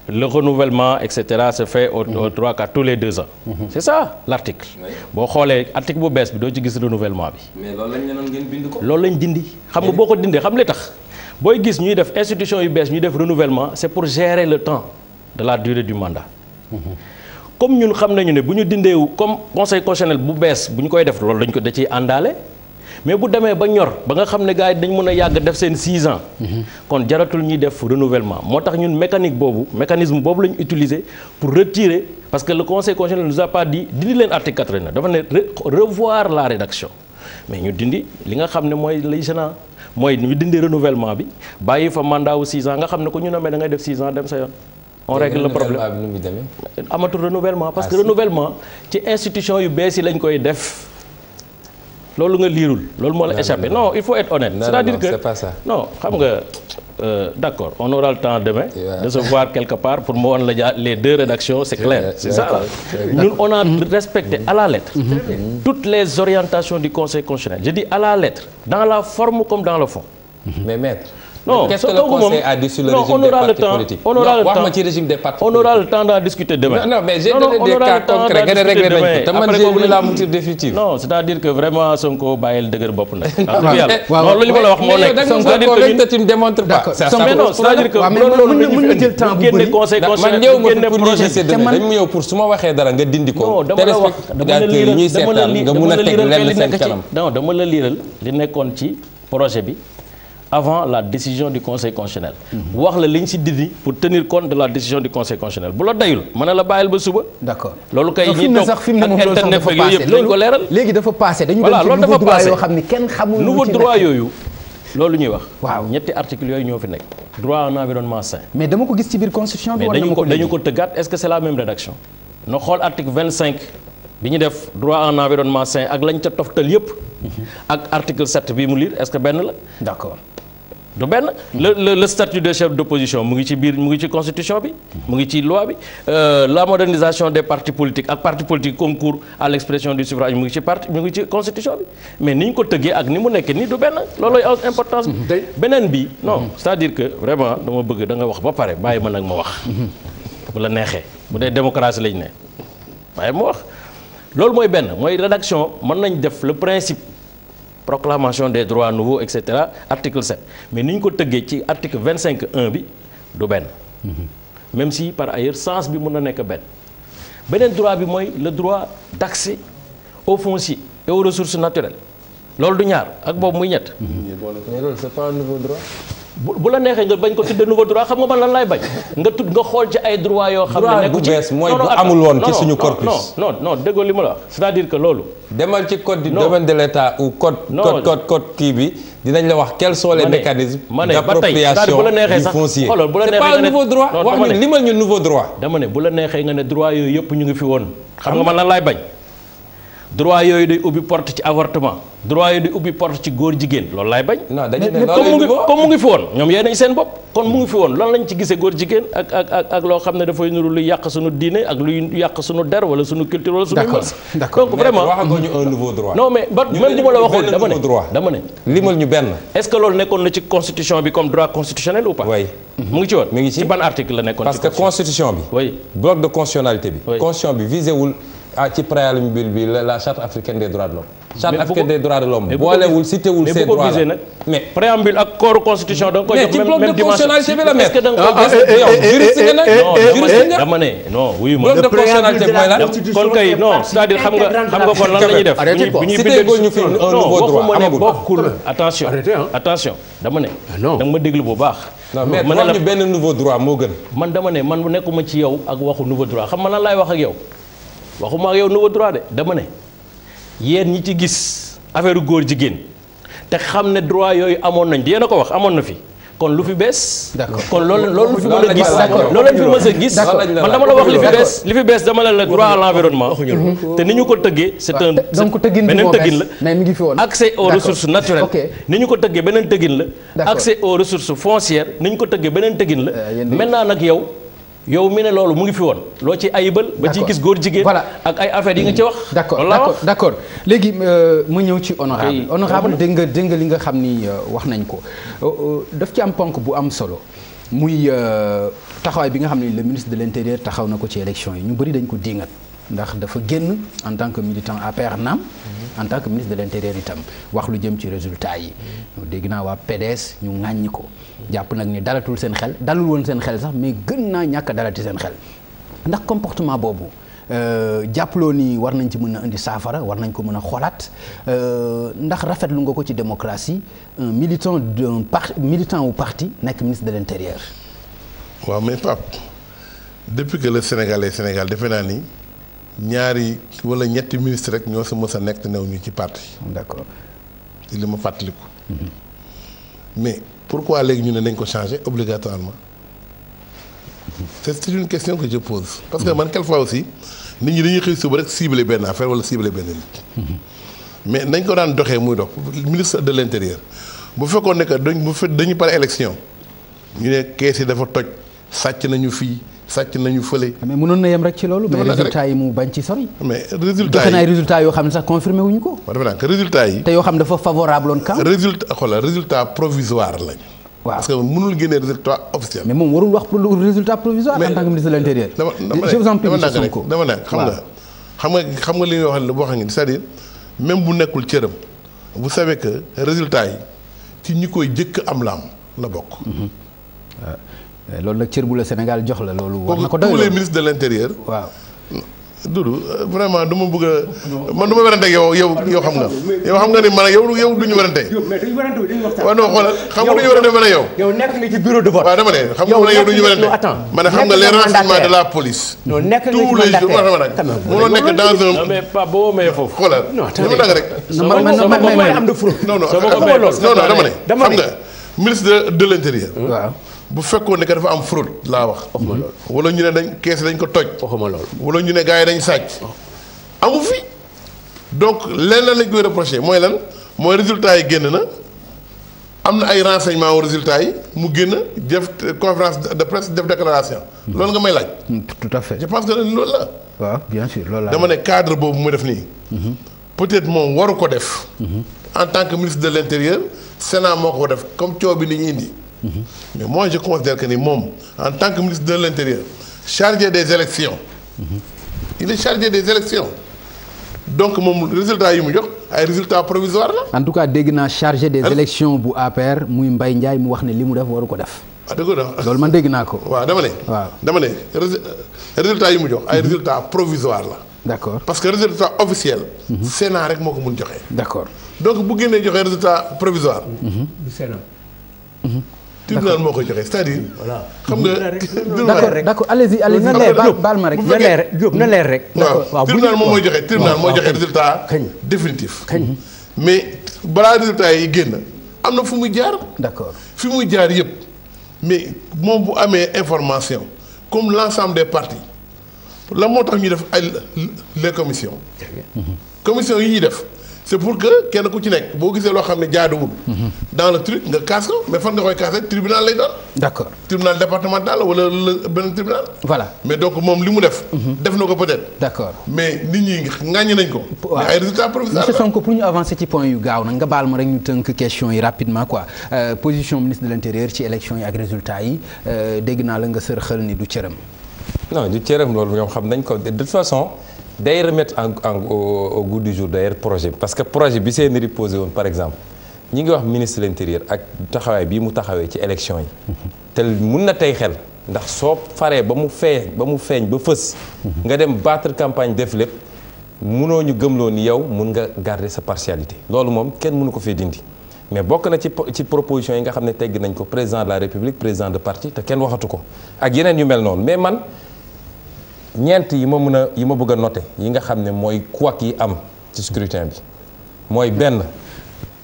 le renouvellement et cetera se fait au au trois quatre tous boo xoolee article bu bees bi doo ci gis renouvellement bi. mais loolu lañ ne noonu ngeen ko. dindi boo ko dindee xam li tax. booy gis ñuy def institution yu bees ñuy def renouvellement c'est pour gérer le temps de la durée du mandat. comme ñun xam nañu ne bu ñu dindeewu comme conseil constitutionnel bu bees bu ñu koy def loolu dañ ko da ciy àndaale mais bu demee ba ñor ba nga xam ne gars yi dañ mën a yàgg def seen 6 ans. kon jaratul ñuy def renouvellement moo tax ñun mécanique boobu mécanisme boobu la ñu utiliser pour retirer parce que le conseil constitutionnel nous a pas dit dindi leen article dafa ne revoir la rédaction mais ñu dindi li nga xam ne mooy lay mooy ñu dindi renouvellement bi bàyyi fa mandat wu 6 nga xam ne ko ñu nommé da dangay def 6 ans dem sa yoon. on règle le problème amatul renouvellement parce ah, que renouvellement ci institution yu bees yi lañ koy def. loolu nga liirul loolu moo la échappé non il faut être honnête c'est-à-dire que non xam nga euh, d'accord on aura le temps demain de se voir quelque part pour mu woon la jaa les deux rédactions c'est clair c'est ça ñun on a respecté à la lettre mm-hmm. toutes les orientations du conseil constitutionnel je dis à la lettre dans la forme comme dans le fond mais non quest que le conseil a dire que vraiment Sonko bàyyil dëgër bopp nag. waaw ah, waaw loolu ne démontres pas. man ñëw ma pour su ma waxee dara nga dindi ko. dama la liiral li nekkoon ci projet bi avant la décision du conseil constitutionnel. wax la li ñu si dindi pour tenir compte de la décision du conseil constitutionnel bu la dayul mën na la bàyyil ba suba. d'accord loolu kay ñi toog ak internet fekk yooyu yëpp dañ ko leeral. léegi dafa passé dañu dem ci nouveau droit yoo xam ni kenn xamul nouveau droit yooyu. loolu ñuy wax. waaw ñetti articles yooyu ñoo fi nekk. droit à un environnement sain. mais dama ko gis ci biir constitution bi. war dañu ko dañu ko tëggaat est-ce que c'est la même rédaction. na xool article vingt cinq bi ñu def droit à un environnement sain ak lañ ca toftal yëpp. Mhm. ak article sept bii mu lire est-ce que benn la. d'accord. du benn le le statut de chef d'opposition mu ngi ci biir mu ngi ci constitution bi mu ngi ci loi bi euh, la modernisation des parti politique ak parti politiques concours à l'expression du suffrage mu ngi ci parti mu ngi ci constitution bi mais ni ñu ko tëggee ak ni mu nekk ni du benn loolooy am importance bi mm-hmm. beneen bi non mm-hmm. c'est-à-dire que vraiment dama bëgg danga wax ba pare bàyyi ma nag ma wax mm-hmm. bu la neexee bu dee démocratie lañ ne waaye ma wax loolu mooy benn mooy rédaction mën nañ def le principe proclamation des droits nouveaux et cetera article 7 mais ni ñu ko tëggee ci article 25 un bi du benn. même si par ailleurs sens bi mun na nekk benn. beneen droit bi mooy le droit d' au foncier et aux ressources naturelles loolu du ñaar ak boobu muy ñett. loolu c' est bu bu la neexee nga bañ ko tudde nouveau droit xam nga man lan laay bañ nga tudd nga xool ci ay droit yoo xam ne nekk ci mooy bu amul woon ci suñu corpus non non déggoo li ma la wax cest à loolu demal ci code du domaine de l'État kii bi dinañ la wax quels sont les mécanismes d'appropriation du foncier xoolal bu la neexee nga ne nouveau droit wax ñu limal ñu nouveau droit dama ne bu la neexee nga ne droit yooyu yëpp ñu ngi fi woon xam nga man lan laay bañ droit yooyu day ubbi porte ci avortement droit yooyu day ubbi porte ci góor jigéen loolu laay bañ. non comme mu ngi fi woon ñoom yee nañ seen bopp. kon mu ngi fi woon lan lañ ci gisee góor jigéen ak ak loo xam ne dafay nuru luy yàq suñu diine ak luy yàq suñu der wala suñu culture wala suñu. d'accord donc vraiment waxaguñu un mais bu ma la waxul dama ne dama ñu benn. est-ce que loolu nekkoon na ci constitution bi comme droit constitutionnel ou pas. oui mu ngi ci woon. mu ci ah ci préambule bi la charte africaine des droits de l'homme charte africaine citewul ces droits la mais préambule ak corps constitution da koy yow juriste nga dama ne non xam nga xam nga kon lan la ñuy def bu ñuy bindee ñu fi un nouveau droit amagul bokkul attention attention dama ne ah, da nga ma déglu bu baax mais man ñu benn nouveau droit moo nekkuma ci yow ak waxu nouveau droit xam ma lan laay wax ak yow waxuma ak yow nouveau droit de dama ne yéen ñi ci gis affaire góor jigéen te xam ne droit yooyu amoon nañ di yéen ko wax amoon na fi kon lu fi bees. kon loolu loolu fi mën a gis loolu lañ fi mën a gis. man dama la wax li fi bees li fi bees dama la la droit à l'environnement. Mhm. te ni ñu ko tëggee c'est un. donc tëggin beneen tëggin la mi ngi fi woon accès aux ressources naturelles. ni ñu ko tëggee beneen tëggin la. accès aux ressources foncières ni ñu ko tëggee beneen tëggin la. Euh, maintenant nag yow. yow mi ne loolu mu ngi fi woon loo ci ayibal. ba ci gis góor jigéen. voilà ak ay affaire yi nga ci wax. d' accord d' accord d' accord léegi euh, mu ñëw ci honorable honorable dégg nga dégg nga li nga xam ni euh, wax nañ ko euh, daf ci am ponk bu am solo muy taxawaay bi nga xam ne le ministre de l' intérieur taxaw na ko ci élection yi ñu bëri dañ ko dingat ndax dafa génn en tant que militant APR naam en tant que ministre de l' intérieur itam wax lu jëm ci résultat yi dégg naa waa PDS ñu ŋàññi ko jàpp nag ni dalatul seen xel dalul woon seen xel sax mais gën naa ñàkk a seen xel ndax comportement boobu euh, jàppaloo nii war nañ ci mën a indi saafara war nañ ko mën a xoolaat euh, ndax rafet lu nga ko ci démocratie un militant d'un parti militant wu parti nekk ministre de l' intérieur waaw mais Pape depuis que le Sénégal est Sénégal defe naa nii ñaari wala ñetti ministre rek ñoo sa mës a nekk new ñu ci parti. d'accord li ma fàttaliku. Mhm. mais pourquoi léegi ñu ne nañ ko changer obligatoirement. Mhm. c'est une question que je pose. parce que mhm. man quelquefois aussi nit ñi dañuy xëy suba rek cibler benn affaire wala cibler benn nit. mais nañ ko daan doxee muy dox ministre de l'intérieur bu fekkoo ne que dañ bu dañu pare élection ñu ne kees yi dafa toj sàcc nañu fii. sàcc nañu fële. mais mënoon na yem rek ci loolu. mais résultat yi mu bañ ci sori. mais résultat naa résultat yoo xam ne sax confirmé wuñu ko. ma naa que résultat yi. te yoo xam dafa favorable woon camp. résultat xoolal résultat provisoire lañ. waaw parce que mënul génne résultat officiel. mais moom warul wax pour résultat provisoire. en tant que ministre de l'intérieur. xam nga. xam nga xam li ñuy wax ne boo xam ne c'est-à-dire bu nekkul cëram vous savez que résultat yi ci ñi koy jëkk am la am la bokk. Mhm. Ah. Eh, loolu nag cër bu la Sénégal jox la loolu. war na ko doy les ministres de l'intérieur. waaw. Doudou euh, vraiment du ma bëgg a man du yow yow yow xam nga yow xam nga ni man yow yow du ñu werante. mais duñu xoolal xam nga du ne ma ne yow du ñu werante. ma ne xam nga les renseignements de la police. non nekk nañu tous les jours xam munoo nekk dans un. non mais Pape boo may foofu. xoolal dama dàgg rek. man man man man am na furu. non non non dama ne. xam nga ministre de l'intérieur. waaw. bu fekkoon ne que dafa am fraude laa wax. waxuma loolu wala ñu ne dañ kees dañ ko toj. waxuma loolu wala ñu ne gars yi dañ sàcc. amu fi donc lenn lañ koy reproché mooy lan mooy résultat yi génn na am na ay renseignements wu résultat yi mu génn def conférence de presse def déclaration. Hmm. loolu nga may laaj. Hmm, tout à fait je pense que loolu la. waaw bien sûr dama ne cadre boobu mu def nii. Hmm. peut-être moom waru ko def. en tant que ministre de l'intérieur Sénat moo ko def comme coow bi ni ñu indi. Mm-hmm. mais moi je considère que moom en tant que ministre de l'intérieur chargé des élections mm-hmm. il est chargé des élections donc moom résultat yi mu jox ay résultat provisoire la en tout cas dégg naa chargé des élections bu APR muy Mbaye Ndiaye mu wax ne li mu def waru ko def ah dëgg loolu man dégg naa ko waa dama ne waaw dama résultat yi mu jox ay mm-hmm. résultat provisoire la d'accord parce que résultat officiel Sénat rek moo ko mun joxe d'accord donc bu génnee joxee résultat provisoire du tribunal moo koy joxe cest à voilà xam nga. d'accord allez-y allez-y na leer baal ma rek. na leer Diop na leer rek. waaw tribunal moom mooy joxe tribunal mooy joxe résultat. kañ définitif. kañ mais balaa résultat yi génn am na fu muy jaar. d'accord fi muy jaar yëpp mais moom bu amee information comme l'ensemble des partis la moo tax ñu def ay les commissions. commission yi ñuy def. c'est pour que kenn ku ci nekk boo gisee loo xam ne jaaduwul. dans le truc nga kaas ko mais fan nga koy kaasee tribunal lay doon. d'accord tribunal départemental wala benn tribunal. voilà mais donc moom li mu def. Mhm. def na ko peut-être. d'accord mais nit ñi ŋàññi nañ ko. waaw ay résultats provisoires pour ñu avancer yu gaaw nag nga baal ma rek ñu tënk question yi rapidement quoi euh, position ministre de euh, naa la nga sër xel ni du cëram. non du cëram loolu ñoom xam nañ ko de toute façon. day remettre en en au goût du jour d'ailleurs projet parce que projet bi seen riposé woon par exemple ñi ngi wax ministre de l'intérieur ak taxawaay bii mu taxawee ci élection yi mhm. te mun na tey xel ndax soo faree ba mu feeñ ba mu feeñ ba fës mhm. nga dem battre campagne def lépp munoo ñu gëmloo ni yow mun nga garder sa partialité loolu moom kenn munu ko fee dindi mais bokk na ci ci proposition yi nga xam ne tegg nañ ko président de la république président de parti te kenn waxatu ko ak yeneen mel noonu mais man ñeent yi ma mën a yi ma bëgg a noté yi nga xam ne mooy couac yi am ci scrutin bi mooy benn.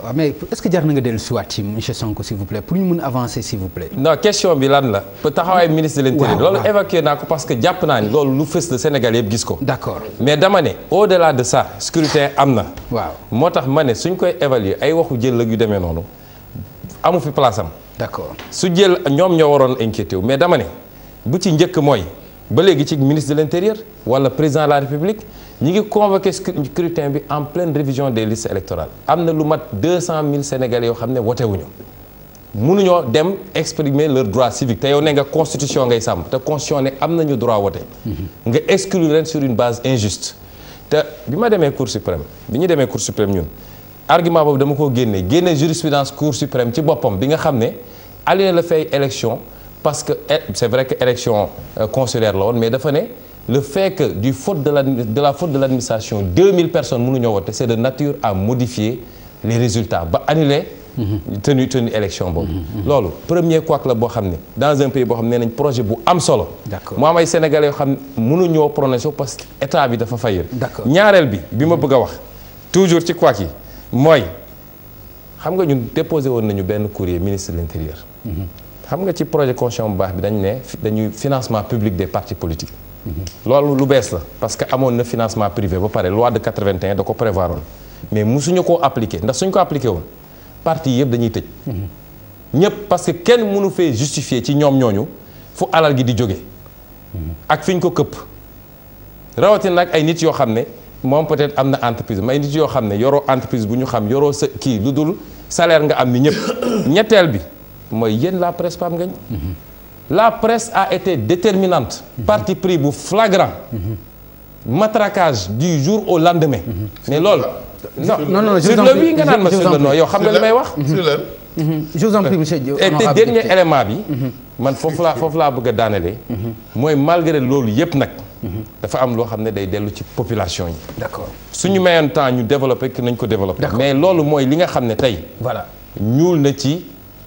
waaw mais est-ce que jar na nga dellu si waat ci monsieur Sonko si vous plaît pour ñu mun avancer si vous plaît. non question bi lan la. taxawaay ministre de l'intérieur loolu évacué naa ko parce que jàpp naa ni loolu lu fës la Sénégal yëpp gis ko. d'accord mais dama ne au-delà de sa scrutin am na. waaw moo tax ma ne suñ koy évaluer ay waxu jël ak yu demee noonu amu fi place am. d'accord su jël ñoom ñoo waroon inquiété wu mais dama bu ci njëkk mooy. ba léegi ci ministre de l'intérieur wala président de la république ñi ngi convoqué scrutin bi en pleine révision de listes électorales am na lu mat 200 000 sénégalais yoo xam ne wote wuñu mënuñoo dem exprimer leur droit civique te yow ne nga constitution ngay sàmm te constitution ne am nañu droit wote mm-hmm. nga exclure leen sur une base injuste te bi ma demee cour suprême bi ñu demee cour suprême ñun argument boobu dama ko génne génne jurisprudence cour suprême ci boppam bi nga xam ne annulé la fay élection parce que c'est vrai que élection euh, consulaire la woon mais dafa ne le fait que du faute de la de la faute de l'administration 2000 personnes mënuñoo wote c'est de nature à modifier les résultats ba annuler mm-hmm. tenu tenu élection boobu mm-hmm. loolu premier couac la boo xam ne dans un pays boo xam ne nañ projet bu am solo mu am ay sénégalais xam ne mënuñoo parce que état bi dafa fayal ñaareel bi bi ma mm-hmm. bëgg a wax toujours ci couac yi mooy xam nga ñun déposé woon nañu benn courrier ministre de l'intérieur xam nga ci projet constitution bu baax bi dañ ne dañuy financement public des parti politiques. loolu lu bees la parce que amoon na financement privé ba pare loi de 81 da ko prévoir woon mais musuñu ko appliquer ndax suñ ko appliqué woon parti yëpp dañuy tëj. ñëpp parce que kenn mënu fee justifier ci ñoom ñooñu fu alal gi di jóge ak fi ñu ko këpp. rawatina nag ay nit yoo xam ne moom peut-être am na entreprise may nit yoo xam ne yoroo entreprise bu ñu xam yoroo kii lu dul salaire nga am ni ñëpp ñetteel bi. mooy yéen la presse Pape Ngagne la presse a été déterminante parti pris bu flagrant matraquage du jour au lendemain mais loolu non non sur le oui nga naan ma sur le non yow xam ne li may wax je monsieur Diop et dernier élément bi man foofu laa foofu laa bëgg a daanelee mooy malgré loolu yëpp nag dafa am loo xam ne day dellu ci population yi d'accord suñu mayoon temps ñu développé que nañ ko développé mais loolu mooy li nga xam ne tey voilà ñuul na ci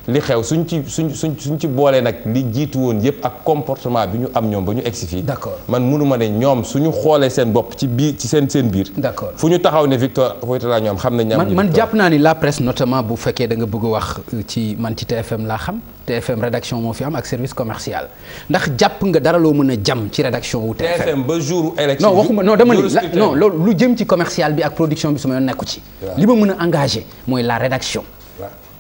li xew suñ ci suñ suñ suñ ci boolee nag li jiitu woon yëpp ak comportement bi ñu am ñoom ba ñu egsi fii d'accord man mënuma ne ñoom suñu xoolee seen bopp ci biir ci seen seen biir d'accord fu ñu taxaw ne Victor Voitala ñoom xam nañ am man jàpp naa ni la presse bu fekkee da bëgg wax euh, ci man ci TFM laa xam TFM rédaction moo fi am ak service commercial ndax jàpp nga dara loo mën a jam ci rédaction wu TFM ba jour élection non waxuma non dama ni non loolu lu jëm ci commercial bi ak production bi su ma yoon nekku ci li ma mën a engagé mooy la rédaction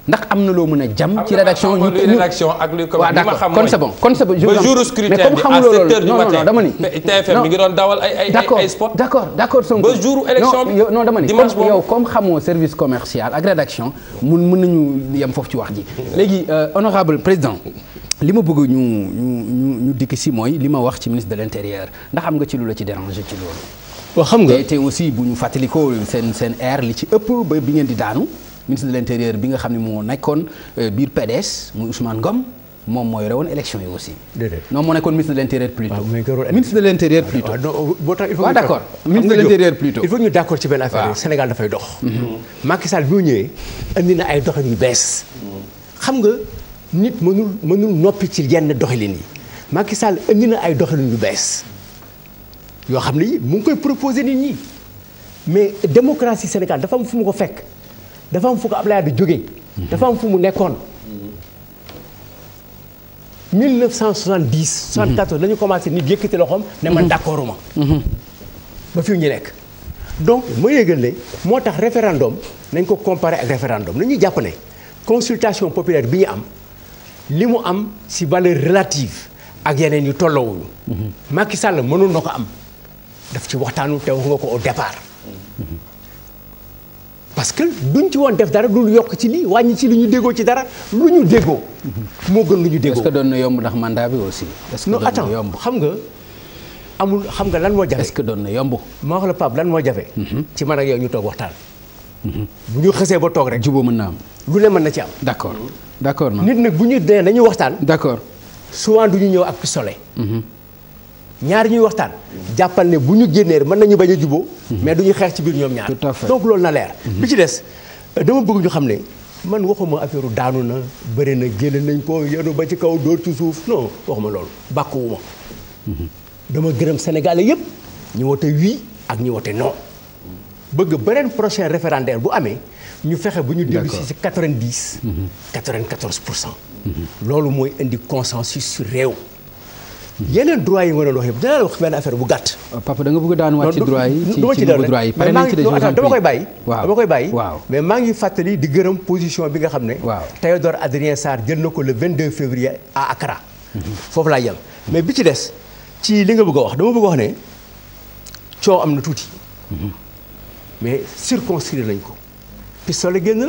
ndax am na loo mën a jam ci rédaction ñu ak luy commerce bi ma xam kon c'est bon kon c'est bon je mais comme xamuloo loolu non non dama ni TFM mi ngi doon dawal ay ay ay sport d'accord dama ni yow comme xamoo service commercial ak rédaction mun mën nañu yem foofu ci wax ji léegi euh, honorable président li ma bëgg ñu ñu ñu ñu dikk si mooy li ma wax ci ministre de l'intérieur ndax xam nga ci lu la ci déranger ci loolu waaw xam nga te aussi bu ñu fàttalikoo seen seen air li ci ëpp bi ngeen di daanu ministre de l'intérieur bi nga xam ne moo nekkoon euh, biir PDS muy Ousmane Ngom moom moo yore woon élection yi aussi. déedéet non moo nekkoon ministre de l'intérieur plutôt. ministre de l'intérieur ah, plutôt. boo tax il faut d'accord ministre de l'intérieur plutôt. il faut ñu d'accord ci benn affaire Sénégal dafay dox. Mhm. Macky Sall bi mu ñëwee indi na ay doxalin yu bees. xam nga nit mënul mënul noppi ci yenn doxalin yi Macky Sall indi na ay doxalin yu bees yoo xam ne mu ngi koy proposer nit ñi mais démocratie Sénégal dafa am fu mu ko fekk. dafa am fu ko Ablaye di jógee. dafa am fu mu nekkoon. 1970. 74 la ñu commencé nit yëkkati loxoom. ne man d' accord ba fi ñu nekk. donc ma yëgal ne moo tax référendum nañ ko comparer ak référendum nañu jàpp ne consultation populaire bi ñu am li mu am si valeur relative ak yeneen yu tolloowuñu. Mhm. Macky Sall mënoon na ko am daf ci waxtaanu te wax nga ko au départ. Mhm. parce que duñ ci woon def dara lu yokk ci lii wàññi ci li ñu déggoo ci dara lu ñu déggoo. moo gën lu ñu déggoo est-ce que doon na yomb ndax mandat bi aussi. est-ce que doon na yomb xam nga amul xam nga lan moo jafe. est-ce doon na yomb. ma wax la lan moo jafe. Mhm. ci man ak yow ñu toog waxtaan. Mhm. bu ñu xësee ba toog rek. jubóo mën na am. lu ne mën na ci am. d'accord d'accord nit nag bu ñu dee dañuy waxtaan. d'accord souvent du ñu ñëw ak pistolet. Mhm. ñaar ñuy waxtaan jàppal ne bu ñu génnee mën nañu bañ a juboo mais du ñu xeex ci biir ñoom ñaar donc loolu na leer mhm. bi ci des dama bëgg ñu xam ne man waxuma affaire daanu na bëri na génn nañ koo yenu ba ci kaw dóor ci suuf non waxuma loolu bàkkuwuma mhm. dama gërëm sénégalais yépp ñu wote oui ak ñi wote non bëgg beneen prochain référendaire bu amee ñu fexe bu ñu dellu si si 90 94 mhm. pour cent loolu mooy indi consensus su réew yeneen droit yi nga doon wax yëpp dinaa la wax benn affaire bu gàtt. Euh, papa da nga bëgg daan wàcc ci droit yi. waaw dama mais maa ngi fàttali di gërëm position bi nga xam ne. waaw Théodore Adrien Sarr jël na ko le 22 février à Accra. foofu laa yem mais bi ci des ci li nga bëgg a wax dama a wax ne coow am na tuuti. mais circonscrire lañ ko. pistolet génn na.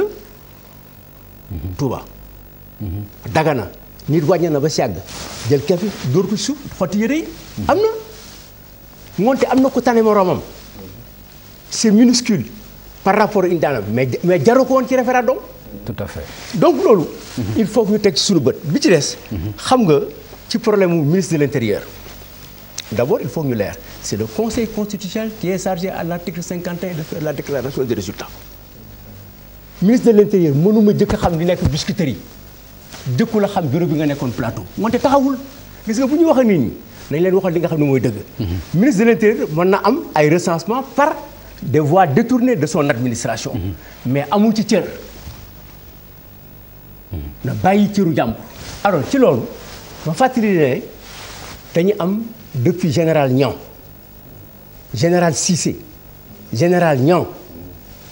Touba. Dagana. nit wàññi na ba sàgg jël kefi dóor ko suuf xotti yére yi am na moonte am na ko tane moroomam c'est minuscule par rapport une mais mais jaroo ko woon ci référendum tout à fait donc loolu mhm. il faut que ñu teg ci suñu bët bi ci des mhm. xam nga ci problème mu ministre de l'intérieur d'abord il faut ñu leer c'est le conseil constitutionnel qui est chargé à l'article 51 de faire la déclaration des résultats ministre de l'intérieur mënuma jëkk xam li nekk biscuiterie yi jëkku la xam bureau bi nga nekkoon plateau wante taxawul gis nga bu ñu wax ak nit ñi nañ leen waxal nga xam ne mooy dëgg mhm. ministre de l'intérieur mën na am ay recensement par des voies détournées de son administration mhm. mais amul ci cër mhm. na bàyyi cëru jàmbur alors ci loolu ma fàttali ne dañu am depuis général Niang général Cissé général Niang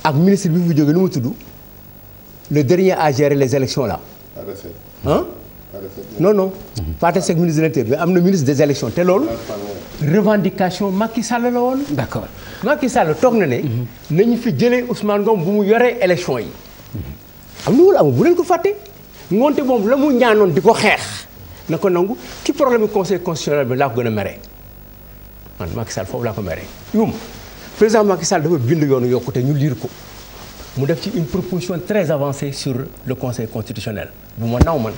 ak ministre bi mu jóge nu mu tudd le dernier à gérer les élections la ah non non Pathé Seck ministre de l'intérieur mais am na ministre des élections te loolu revendication Macky Sall la woon d'accord Macky Sall toog na ne nañu fi jëlee Ousmane Ngom bu mu yoree élection yi am na wala amul bu leen ko fàtte ngoonte moom la mu ñaanoon di ko xeex na ko nangu ci problème conseil constitutionnel bi laa ko gën a mere man Macky Sall foofu laa ko mere yum président Macky Sall dafa bind yoonu yokkute ñu liir ko mu def ci une proposition très avancée sur le conseil constitutionnel bu ma naw man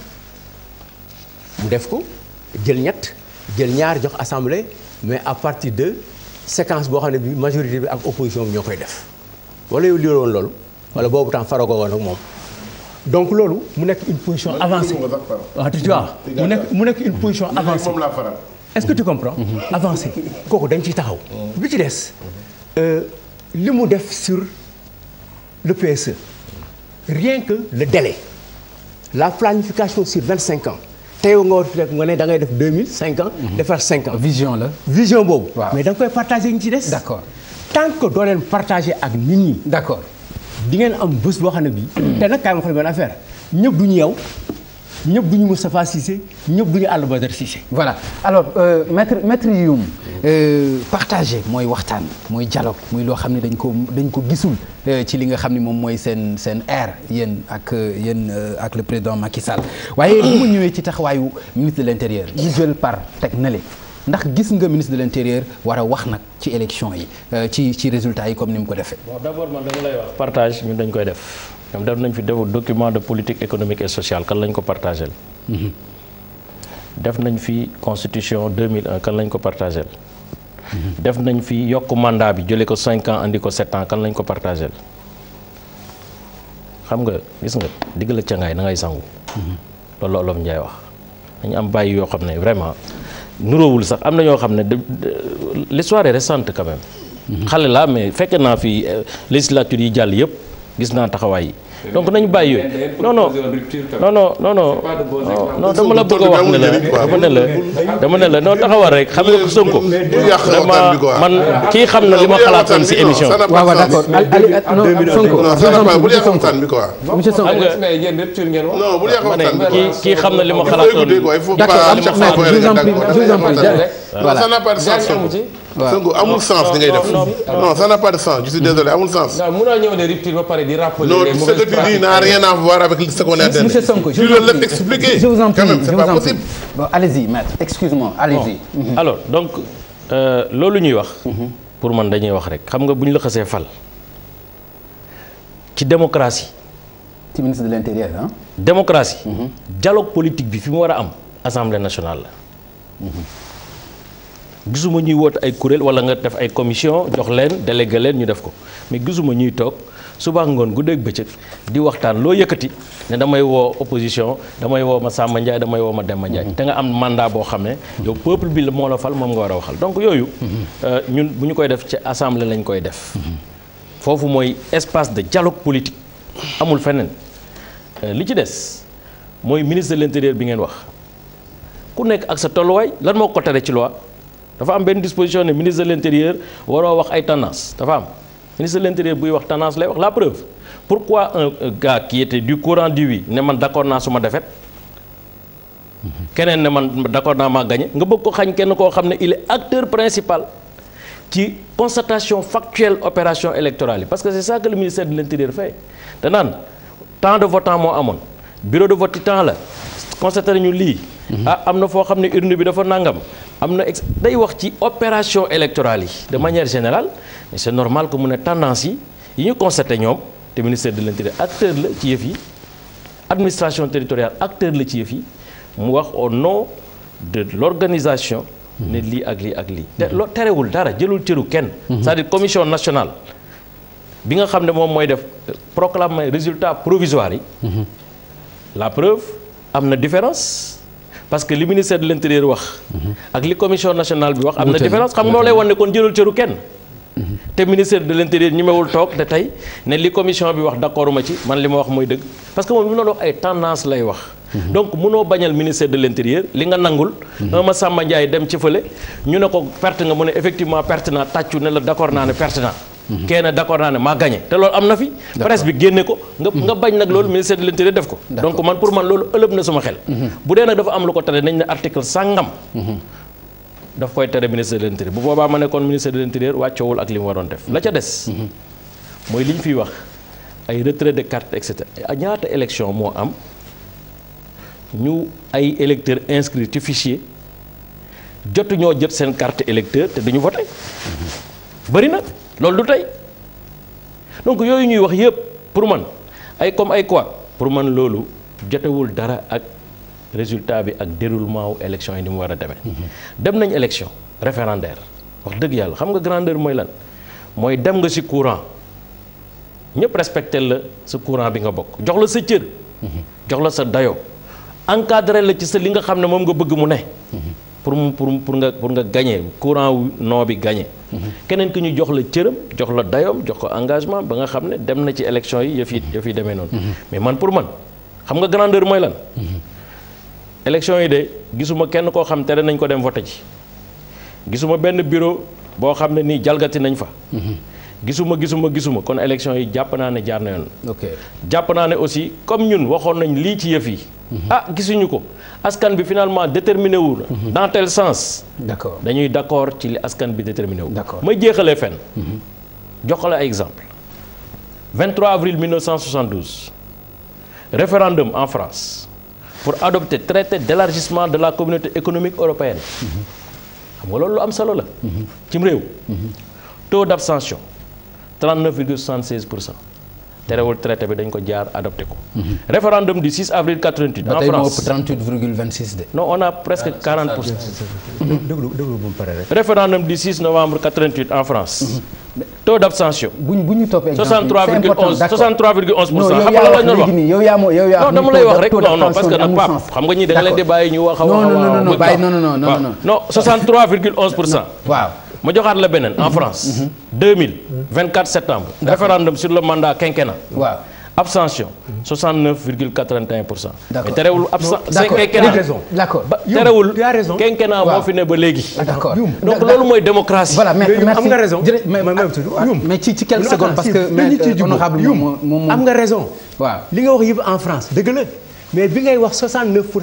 mu def ko jël ñett jël ñaari jox assemblée mais à partir de séquence boo xam ne bi majorité bi ak opposition bi ñoo koy def wala yow liiroon loolu wala boobu temps faragoo woon ak moom donc loolu mu nekk une position avancée waaw tu vois mu nekk mu nekk une position avancée est-ce que tu comprends mhm. avancée kooku dañ ciy taxaw bi ci des euh, li mu def sur le PSE rien que le délai la planification sur vingt cinq ans tey nga war fi rek nga ne da ngay def deux mille cinq ans. Mhm. defar cinq ans vision la. vision boobu. waaw mais da nga koy partagé ñu ci des. d' accord tant que doo leen partagé ak nit ñi. d' accord di ngeen am bés boo xam ne bii. Mhm. te nag kaay ma xool benn affaire ñëpp du ñu yow. ñëpp du ñu Moustapha Cissé ñëpp du ñu Alla Badar Cissé. voilà alors euh, maître maître Youm euh, partagé mooy waxtaan mooy dialogue muy loo xam ne dañ ko dañ ko gisul euh, ci li nga xam ne moom mooy seen seen air yéen ak euh, yéen euh, ak le président Macky Sall waaye bu mu ñëwee ci taxawaayu ministre de l' intérieur par teg na le ndax gis nga ministre de l' intérieur war wax nag ci élection yi ci ci résultats yi comme ni mu ko defee. bon d' abord man partage ñun dañ koy def. ñoom def nañ fi def document de politique économique et sociale kan lañ ko partagé. Mhm. def nañ fi constitution 2001 kan lañ ko partagé. Mhm. def nañu fi yokk mandat bi jëlee ko 5 ans andi ko 7 ans kan lañ ko partagé. xam nga gis nga digg la cangaay na sangu. Mhm. loolu la Olof Njaay wax dañu am bàyyi yoo xam ne vraiment nuróowul sax am na yoo xam ne l'histoire est récente quand même. xale laa mais fekke naa fi euh, législature yi jàll yëpp. gis naa taxawaay yi donc nañu bàyyi yooyu non non non non non non dama la bëgg a wax ne la dama ne la dama ne la non taxawal rek xam nga ko Sonko dama man kii xam na li ma xalaatoon si émission bi. waaw waaw d'accord monsieur Sonko ma ne kii kii xam na li ma xalaatoon. d'accord am na solo je vous en prie je vous en prie voilà. Sonko amul sens li ngay def non ça n'a pas de sens je suis mm-hmm. désolé amul sens. waaw mënoo ñëw ne rupture ba pare di rappeler les mauvaises pratiques non ce que tu dis n'a rien à voir avec ce qu'on a dit. monsieur Sonko je vous en prie expliqué. je vous en prie c'est pas possible. bon allez-y maître excuse-moi allez-y. Mm-hmm. alors donc euh, loolu ñuy wax. Mm-hmm. pour man dañuy wax rek xam nga bu ñu la xasee fal ci démocratie. ci ministre de l'intérieur ah. démocratie. dialogue politique bi fi mu war a am assemblée nationale la. gisuma ñuy woote ay kuréel wala nga def ay commission jox leen délégué leen ñu def ko mais gisuma ñuy toog suba ngoon guddeeg bëccëg di waxtaan loo yëkkati ne damay woo opposition damay woo ma Samba Ndiaye damay woo ma Demba Ndiaye mhm. te nga am mandat boo xam ne yow peuple bi moo la fal moom nga war a waxal donc yooyu mhm. euh, ñun bu ñu koy def ci assemblée lañ koy def mhm. foofu mooy espace de dialogue politique amul feneen euh, li ci des mooy ministre de l'intérieur bi ngeen wax ku nekk ak sa tolluwaay lan moo ko tere ci loi dafa am benn disposition ne ministre de l' waroo wax ay tendance dafa am ministre de l' intérieur buy wax tendance lay wax la preuve pourquoi un gars qui était du courant du oui ne man d' accord su ma defeet keneen ne man d' accord naa maa gagné nga bëgg ko xañ kenn koo xam ne il acteur principal ci constatation factuelle opération électorale yi parce que c' est que le ministère de l' intérieur fait te naan tant de votants moo amoon bureau de vote ci temps la constaté nañu lii. Mhm. ah am na foo xam ne urne bi dafa nangam. am na ex day wax ci opération électorale yi. de mhm. manière général mais c'est normal que mu ne tendance yi yi ñu constaté ñoom te ministère de l'intérieur acteur la ci yëf yi administration territoriale acteur la ci yëf yi mu wax au nom de l'organisation. Mhm. ne lii ak lii ak lii. te loo terewul dara jëlul cëru kenn. c'est-à-dire commission nationale bi nga xam ne moom mooy def proclamer résultat provisoire la preuve am na différence parce que li ministère de l'intérieur wax. ak li commission nationale bi wax. am na différence xam nga moo lay wan ne kon jëlul cëru kenn. te ministère de l'intérieur ñu mewul toog te tey ne li commission bi wax d'accord ma ci man li ma wax mooy dëgg parce que moom li mu doon wax ay tendance lay wax. donc mënoo bañal ministère de l'intérieur li nga nangul. ma Samba Ndiaye dem ci ñu ne ko perte nga mu ne effectivement perte naa tàccu ne la d'accord naa ne perte Mhm. kenn d'accord naa ne maa gagné te lool am na fi presse bi génne ko nga mhm. nga bañ nag loolu mhm. ministère de l'intérieur def ko donc man pour man loolu ëlëb na sama xel bu dee nag dafa am lu ko tere nañ ne article sàngam daf koy tere ministre de l'intérieur bu boobaa ma ne kon ministre de l'intérieur wàccoowul ak li mu waroon def la ca des mooy li ñu fiy wax ay retrait de carte et cetera ñaata élection moo am ñu ay électeurs inscrits ci fichier ñoo jot seen carte électeur te duñu voté bëri na loolu du tey donc yooyu ñuy wax yëpp pour man ay comme ay quoi pour man loolu jotewul dara ak résultat bi ak déroulement wu élection yi ni mu war a demee. dem nañ élection référendaire wax dëgg yàlla xam nga grandeur mooy lan mooy dem nga si courant ñëpp respecté la sa courant bi nga bokk jox la sa cër. Mhm. jox la sa dayo encadré la ci sa li nga xam ne moom nga bëgg mu ne. Mhm. pour mu pour pour nga pour nga gagné courant non bi gagné. keneen ki ñu jox la cëram jox la dayoom jox ko engagement ba nga xam ne dem na ci élection yi yëf yi yëf yi demee noonu. mais man pour man xam nga grandeur moy lan. élection yi de gisuma kenn koo xam tere nañ ko dem voté ci gisuma benn bureau boo xam ne nii jalgati nañ fa. gisuma gisuma gisuma kon élection yi jàpp naa ne jaar na yoon. ok jàpp naa ne aussi comme ñun waxoon nañ lii ci yëf yi. Mhm. ah gisuñu ko askan bi finalement déterminé wu na. Mhm. dans tel sens. dañuy d'accord ci li askan bi déterminé wu. d'accord may jeexalee fenn. Mhm. jox la ay exemple 23 avril 1972 référendum en France pour adopter traité d'élargissement de la communauté économique européenne. xam nga loolu lu am solo la. cim réew. taux d'abstention. 39 virgule 76 pour cent terewul traité bi dañ ko jaar adopté ko. Mhm. référendum du 6 avril 88. en France ba tey bu mu paree rek. référendum du 6 novembre 88 en France. Mhm. taux d' bu ñu bu ñu toppee exemple virgule 11 pour cent xam nga lan la xam nga ñi dañ leen di bàyyi ñu wax. non non non non bàyyi non non non non non 63 virgule 11 pour cent ma joxaat la beneen en France. 2000 mhm. 24 septembre. référendum sur le mandat quinquennat. waaw abstention. 69 mhm. virgule 81 pour cent. d' accord mais terewul absent. d' accord d' accord terewul quinquennat moo fi ne ba léegi. Ah, donc loolu mooy démocratie. am nga raison ah, ah, mais ci ci quelques parce que. mais honorable moom am nga raison. li nga wax yëpp en France dëgg la. mais bi ngay wax 69 pour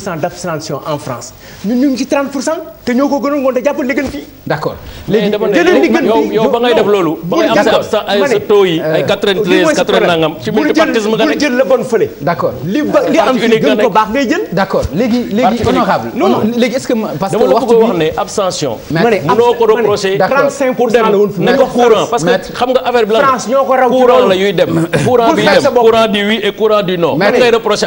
en France ñun ñu ngi ci 30 pour cent te ñoo ko gënoon woon te jàppal li gën fii. d' accord ba ngay def loolu. ba ngay am sa ay ay euh, ci multipartisme nga nekk jël baax ngay jël. d' léegi léegi honorable non léegi est ce que parce que wax ne abstention. ma ne mënoo ko reproché. d' accord 35 pour cent courant parce que xam nga affaire bi courant la yuy dem courant bi dem courant du oui et courant du non ngay reproché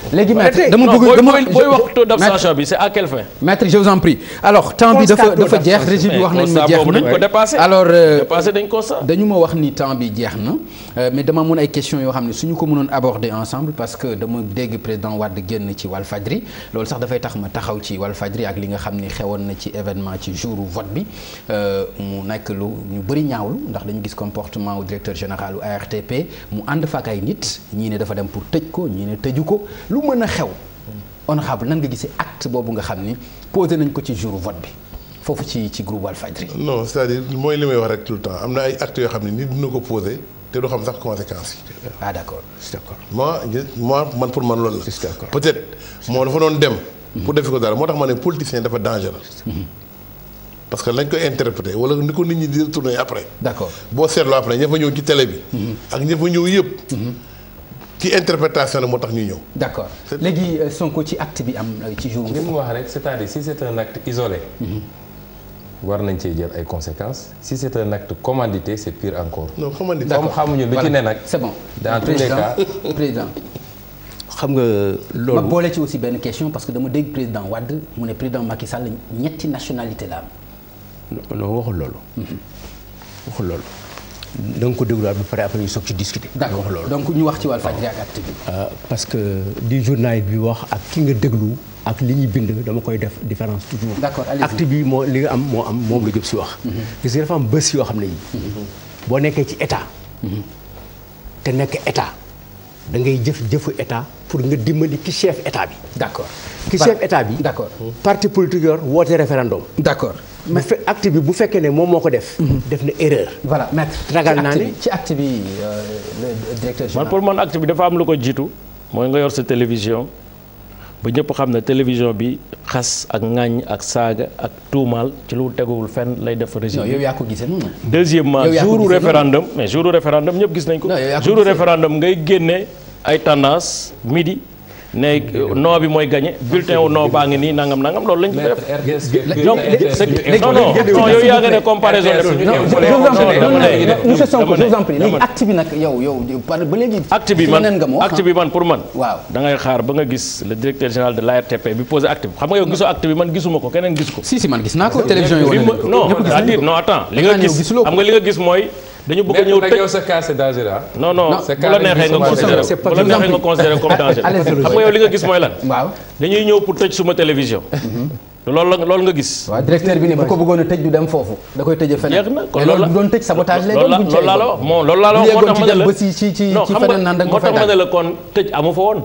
léegi maître dama bëgg dama booy wax taux d'abstention bi c'est à quelle fin. maître je vous en prie alors temps bi dafa dafa jeex régime bi wax nañ euh, ma na bi jeex na euh, mais dama amoon ay questions yoo xam ne suñu ko mënoon aborder ensemble parce que dama dégg président Wade génn ci Walfadjri loolu sax dafay tax ma taxaw ci Walfadjri ak li nga xam ne xewoon na ci événement ci jouru vote bi euh, mu nekk lu ñu bëri ñaawlu ndax dañu gis comportement au directeur général u ARTP mu ànd fa ay nit ñii ne dafa dem pour tëj ko ñii ne tëju ko lu mën a xew honorable nan nga gisee acte boobu nga xam ni posé nañ ko ci jour vote bi foofu ci ci groupe Walfadjri non c'est-à-dire mooy li may wax rek tout temps am na ay actes yoo xam ne nit dina ko posé te du xam sax conséquences yi. ah d'accord d'accord. man pour man loolu la. d'accord peut-être moo dafa doon dem. pour defi ko dara moo tax ma ne politicien dafa dangereux. Mm-hmm. parce que lañ koy interpréter wala ni ko nit ñi di retourner après. d'accord boo seetloo ci interprétation la moo tax ñu ñëw. d' accord léegi euh, Sonko ci acte bi am euh, ci jour wax rek c' est à dire si c' un acte isolé. Mhm. war nañ cee jël ay conséquences si c' est un acte commandité c' est pire encore. non commandité comme xamuñu lu ci ne nag. c' est bon dans tous les cas président. xam nga loolu ma boole ci aussi benn question parce que dama dégg président Wade mu ne président Macky Sall ñetti nationalité la am. non waxul loolu. Mhm. waxul loolu. da nga ko dégluwaat ba pare après ñu soog ci discuter. d'accord loolu donc ñu wax ci Walfadjri ak activité euh, parce que di journal bi wax ak ki nga déglu ak li ñuy bind dama koy def différence toujours. d'accord acte bi moo li am moo am moom la jëm si wax. Mhm. gis nga dafa am bés yoo xam ne yi. Mhm. boo nekkee ci état. Mhm. te nekk état. da ngay jëf jëfu état pour nga dimbali ki chef état bi. d' accord ki chef état bi. d' accord parti politique yor woote référendum. d' accord mais fe bi bu fekkee ne moom moo ko def. Mhm. def na erreur. voilà maître ragal naa ne ci acte bi euh, directeur man pour man acte bi dafa am lu ko jiitu mooy nga yor sa télévision ba ñëpp xam ne télévision bi xas ak ŋàññ ak saaga ak tuumaal ci lu teguwul fenn lay def régime. non yow yaa ko gisee deuxièmement jouru référendum mais jouru référendum ñëpp gis nañ ko. jouru référendum ngay génne. ay tendance midi ne non bi mooy gagné bulletin wu non baa ngi nii nangam nangam loolu lañ def. ñoom non non non yow yaa nga ne comparaison. monsieur Sonko je vous yow yow bi man acte man pour man. waaw da ngay xaar ba nga gis le directeur général de l'ARTP bi posé acte bi xam nga yow gisoo acte bi man gisuma ko keneen gis ko. si si man gis naa ko télévision yi. non c'est-à-dire non attends li nga gis xam nga li nga gis mooy. dañu bëgg a ñëw tëj sa cas c'est dangereux ah. non non bu la neexee nga considéré bu la neexee nga suma télévision mhm. loolu la loolu nga gis waaw directeur bi ne bu ko bëggoon a tëj du dem foofu da koy tëjee feneen jeex na kon loolu du tëj sabotage lay doon loolu laa la wax moom loolu laa la wax moo tax ma ne la ci ci ci feneen naan da nga ko fay moo la kon tëj amu fa woon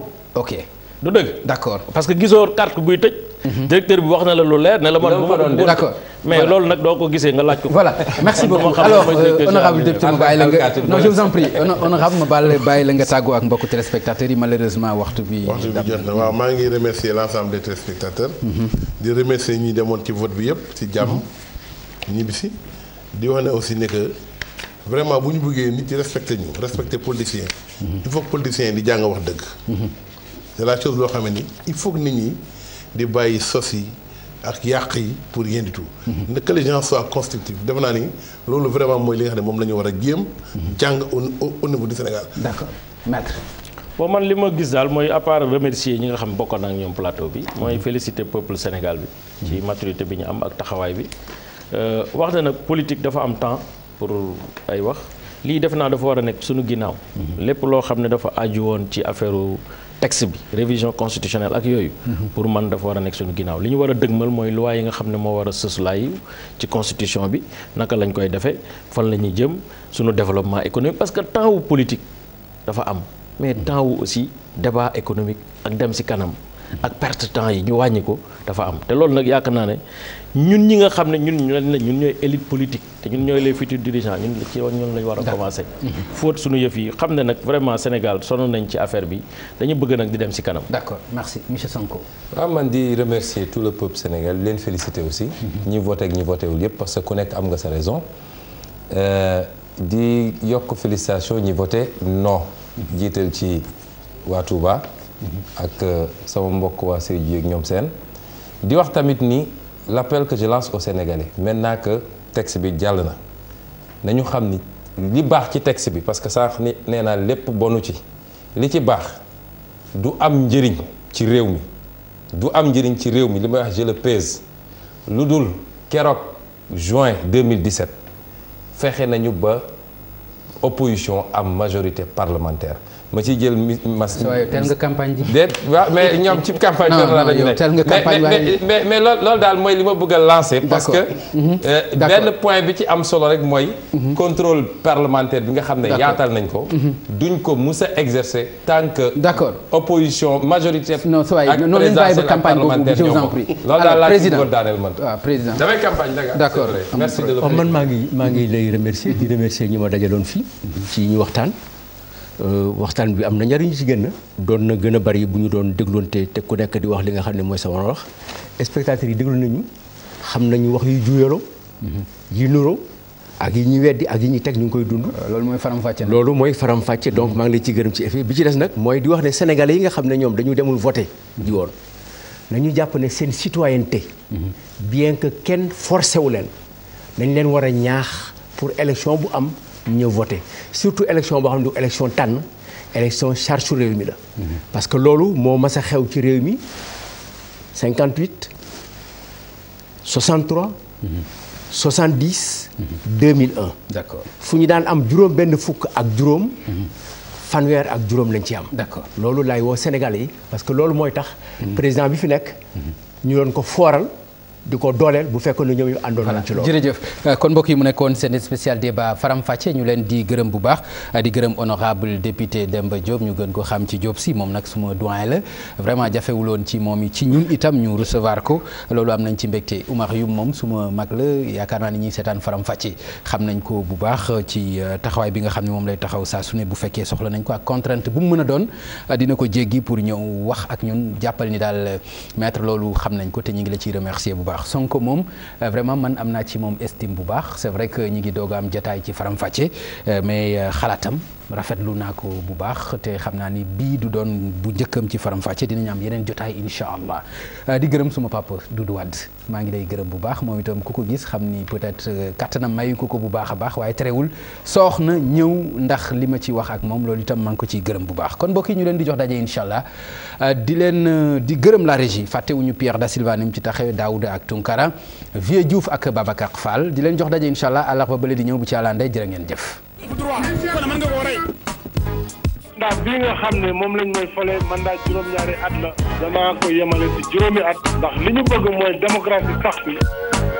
du dëgg d'accord parce que gisoo carte buy tëj. Mhm. directeur bi wax na la lu leer ne la man. bu ma doon d'accord mais loolu nag doo ko gisee nga laaj ko. voilà merci beaucoup alors euh, honorable député ma bàyyi la nga non je vous en prie honorable ma bàyyi tàggoo ak mbokku téléspectateurs yi malheureusement waxtu bi. waxtu bi jot na waaw maa ngi remercier l'ensemble des téléspectateurs. Mhm. di remercier ñi demoon ci vote bi yëpp ci jàmm. Mhm. ñibbisi di wax ne aussi ne que vraiment bu ñu bëggee nit yi respecté ñu respecté politicien. il faut que politicien di jàng wax dëgg. c'est la chose loo xam ni il faut que nit ñi di bàyyi sos yi ak yàq yi pour rien du tout. Mhm. que les gens soient constructifs def naa ni loolu vraiment mooy li nga xam ne moom la ñu war a jéem. Mhm. jàng au niveau du Sénégal. d'accord maître. bon man li ma gis daal mooy à part remercier ñi nga xam bokkoon ak ñoom plateau bi mooy mhm. féliciter peuple Sénégal bi. ci maturité bi ñu am ak taxawaay bi. Euh, wax na nag politique dafa am temps pour ay wax lii def naa dafa war a nekk suñu ginnaaw. lépp loo xam ne dafa aju woon ci affaire texte bi révision constitutionnelle ak yooyu. Mhm. pour man dafa war a nekk suñu ginnaaw li ñu war a dëgmal mooy loi yi nga xam ne moo war a sësulaay ci constitution bi naka lañ koy defee fan la ñuy jëm suñu développement économique parce que temps wu politique dafa am mais mhm. temps wu aussi débat économique ak dem si kanam ak perte temps yi ñu wàññi ko dafa am te loolu nag yaakaar naa ne. ñun ñi nga xam ne ñun ñun ñooy élite politique te ñun ñooy les futurs dirigeants ñun ci ñun lañ war a commencé mhm. fóot suñu yëf yi xam ne nag vraiment Sénégal sonn nañ ci affaire bi dañu bëgg nag di dem si kanam d'accord merci monsieur Sonko waaw ah, man di remercier tout le peuple sénégalais leen féliciter aussi mhm. ñi voté ak ñi voté wul yëpp nga sa raison euh, di yokk félicitation ñi voté non mhm. jiital ci waa Touba ak euh, sama mbokk waa Sédhiou ak ñoom seen di wax tamit ni l'appel que je lance aux Sénégalais maintenant que texte bi jàll na nañu xam ni li baax ci tex bi parce que sànq ni nee naa lépp bonu ci li ci baax du am njëriñ ci réew mi du am njëriñ ci réew mi li may wax je le lu dul keroog juin 2017 fexe nañu ba opposition am majorité parlementaire ma ciy jël mas. teel nga campagne ji. déet waaw mais ñoom ci campagne. non non yow teel nga campagne mais mais mais loolu daal mooy li ma bëgg a lancer. parce que. Mhm. Euh, benn point bi ci am solo rek mooy. Mhm. contrôle parlementaire bi nga xam ne yaatal nañ ko. Mhm. duñ ko mus a exercer tant que. d' accord opposition majorité. non saa waay noonu la ñu bàyyi ba campagne boobu je vous en prie. loolu daal laa ci góor daaneel man. waaw président damay campagne ah, d' accord merci de man maa ngi maa ngi lay remercier di remercier ñi ma dajaloon fii ci ñu waxtaan. Euh, waxtaan bi am na njariñ ci génn doon na gën a bari bu ñu doon dégloonte te ku nekk di wax li nga xam ne mooy sama wax spectateurs yi déglu nañu xam nañu wax yu juyaloo mhm. yi nuroo ak yi ñuy weddi ak yi ñuy teg ñu ngi koy dund. Euh, loolu mooy faram-fàcce loolu mooy faram-fàcce donc maa ngi ci gërëm ci effet bi ci des nag mooy di wax ne sénégalais yi xam ne ñoom dañu demul voté ji woon nañu jàpp ne seen citoyenneté mhm. bien que kenn forcé wu leen dañ leen war a ñaax pour élection bu am ñëw voté surtout élection boo xam ne du élection tànn élection charge su réew mi la. parce que loolu moo mas xew ci réew mi 58 63. 70. 2001. d'accord fu ñu daan am juróom benn fukk ak juróom. fanweer ak juróom lañ ci am. d'accord loolu laay woo sénégal yi parce que loolu mooy tax. président bi fi nekk. ñu doon ko fooral. di ko dooleel bu fekk ne ñoom ñu àndoon nañ ci loolu. jërëjëf euh, kon mbokk yi mu nekkoon seen spécial débat faram fàcce ñu leen di gërëm bu baax euh, di gërëm honorable député Demba Diop ñu gën ko xam ci Diop si moom nag suma doyen la vraiment jafewuloon ci moom yi ci ñun itam ñu recevoir ko loolu am nañ ci mbégte Oumar Youm moom suma mag la yaakaar naa ni ñuy seetaan faram fàcce xam nañ ko bu baax euh, ci taxawaay bi nga xam ne moom lay taxaw saa su ne bu fekkee soxla nañ ko ak contrainte bu mu mën a doon dina ko jéggi pour ñëw wax ak ñun jàppal ni daal loolu xam nañ ko ñu ngi la ciy remercier bu baax baax Sonko moom euh, vraiment man am naa ci moom estime bu baax c'est vrai que ñi ngi doog am jataay ci faram-fàcce euh, mais euh, xalaatam rafetlu naa ko bu baax te xam naa ni bii du doon bu njëkkam ci faram-fàcce dinañ am yeneen jotaay incha allah di gërëm suma papa Doudou Wade maa ngi lay gërëm bu baax moom itam ku ko gis xam ni peut-être kattanam mayu ko ko bu baax a baax waaye terewul soox na ñëw ndax li ma ci wax ak moom loolu itam maa ngi ko ciy gërëm bu baax kon mbokk yi ñu leen di la régie fàttewuñu Pierre da Silva Tunkara vieux Diouf ak Babacar Fall di leen jox daje incha allah àllarba bële di ñëw bu ci àllande jërë ngeen jëf. ndax bii nga xam ne moom lañ may fole mandat juróom-ñaari at la. damaa ko yemale ci juróomi at. ndax li ñu bëgg mooy démocratie sax bi.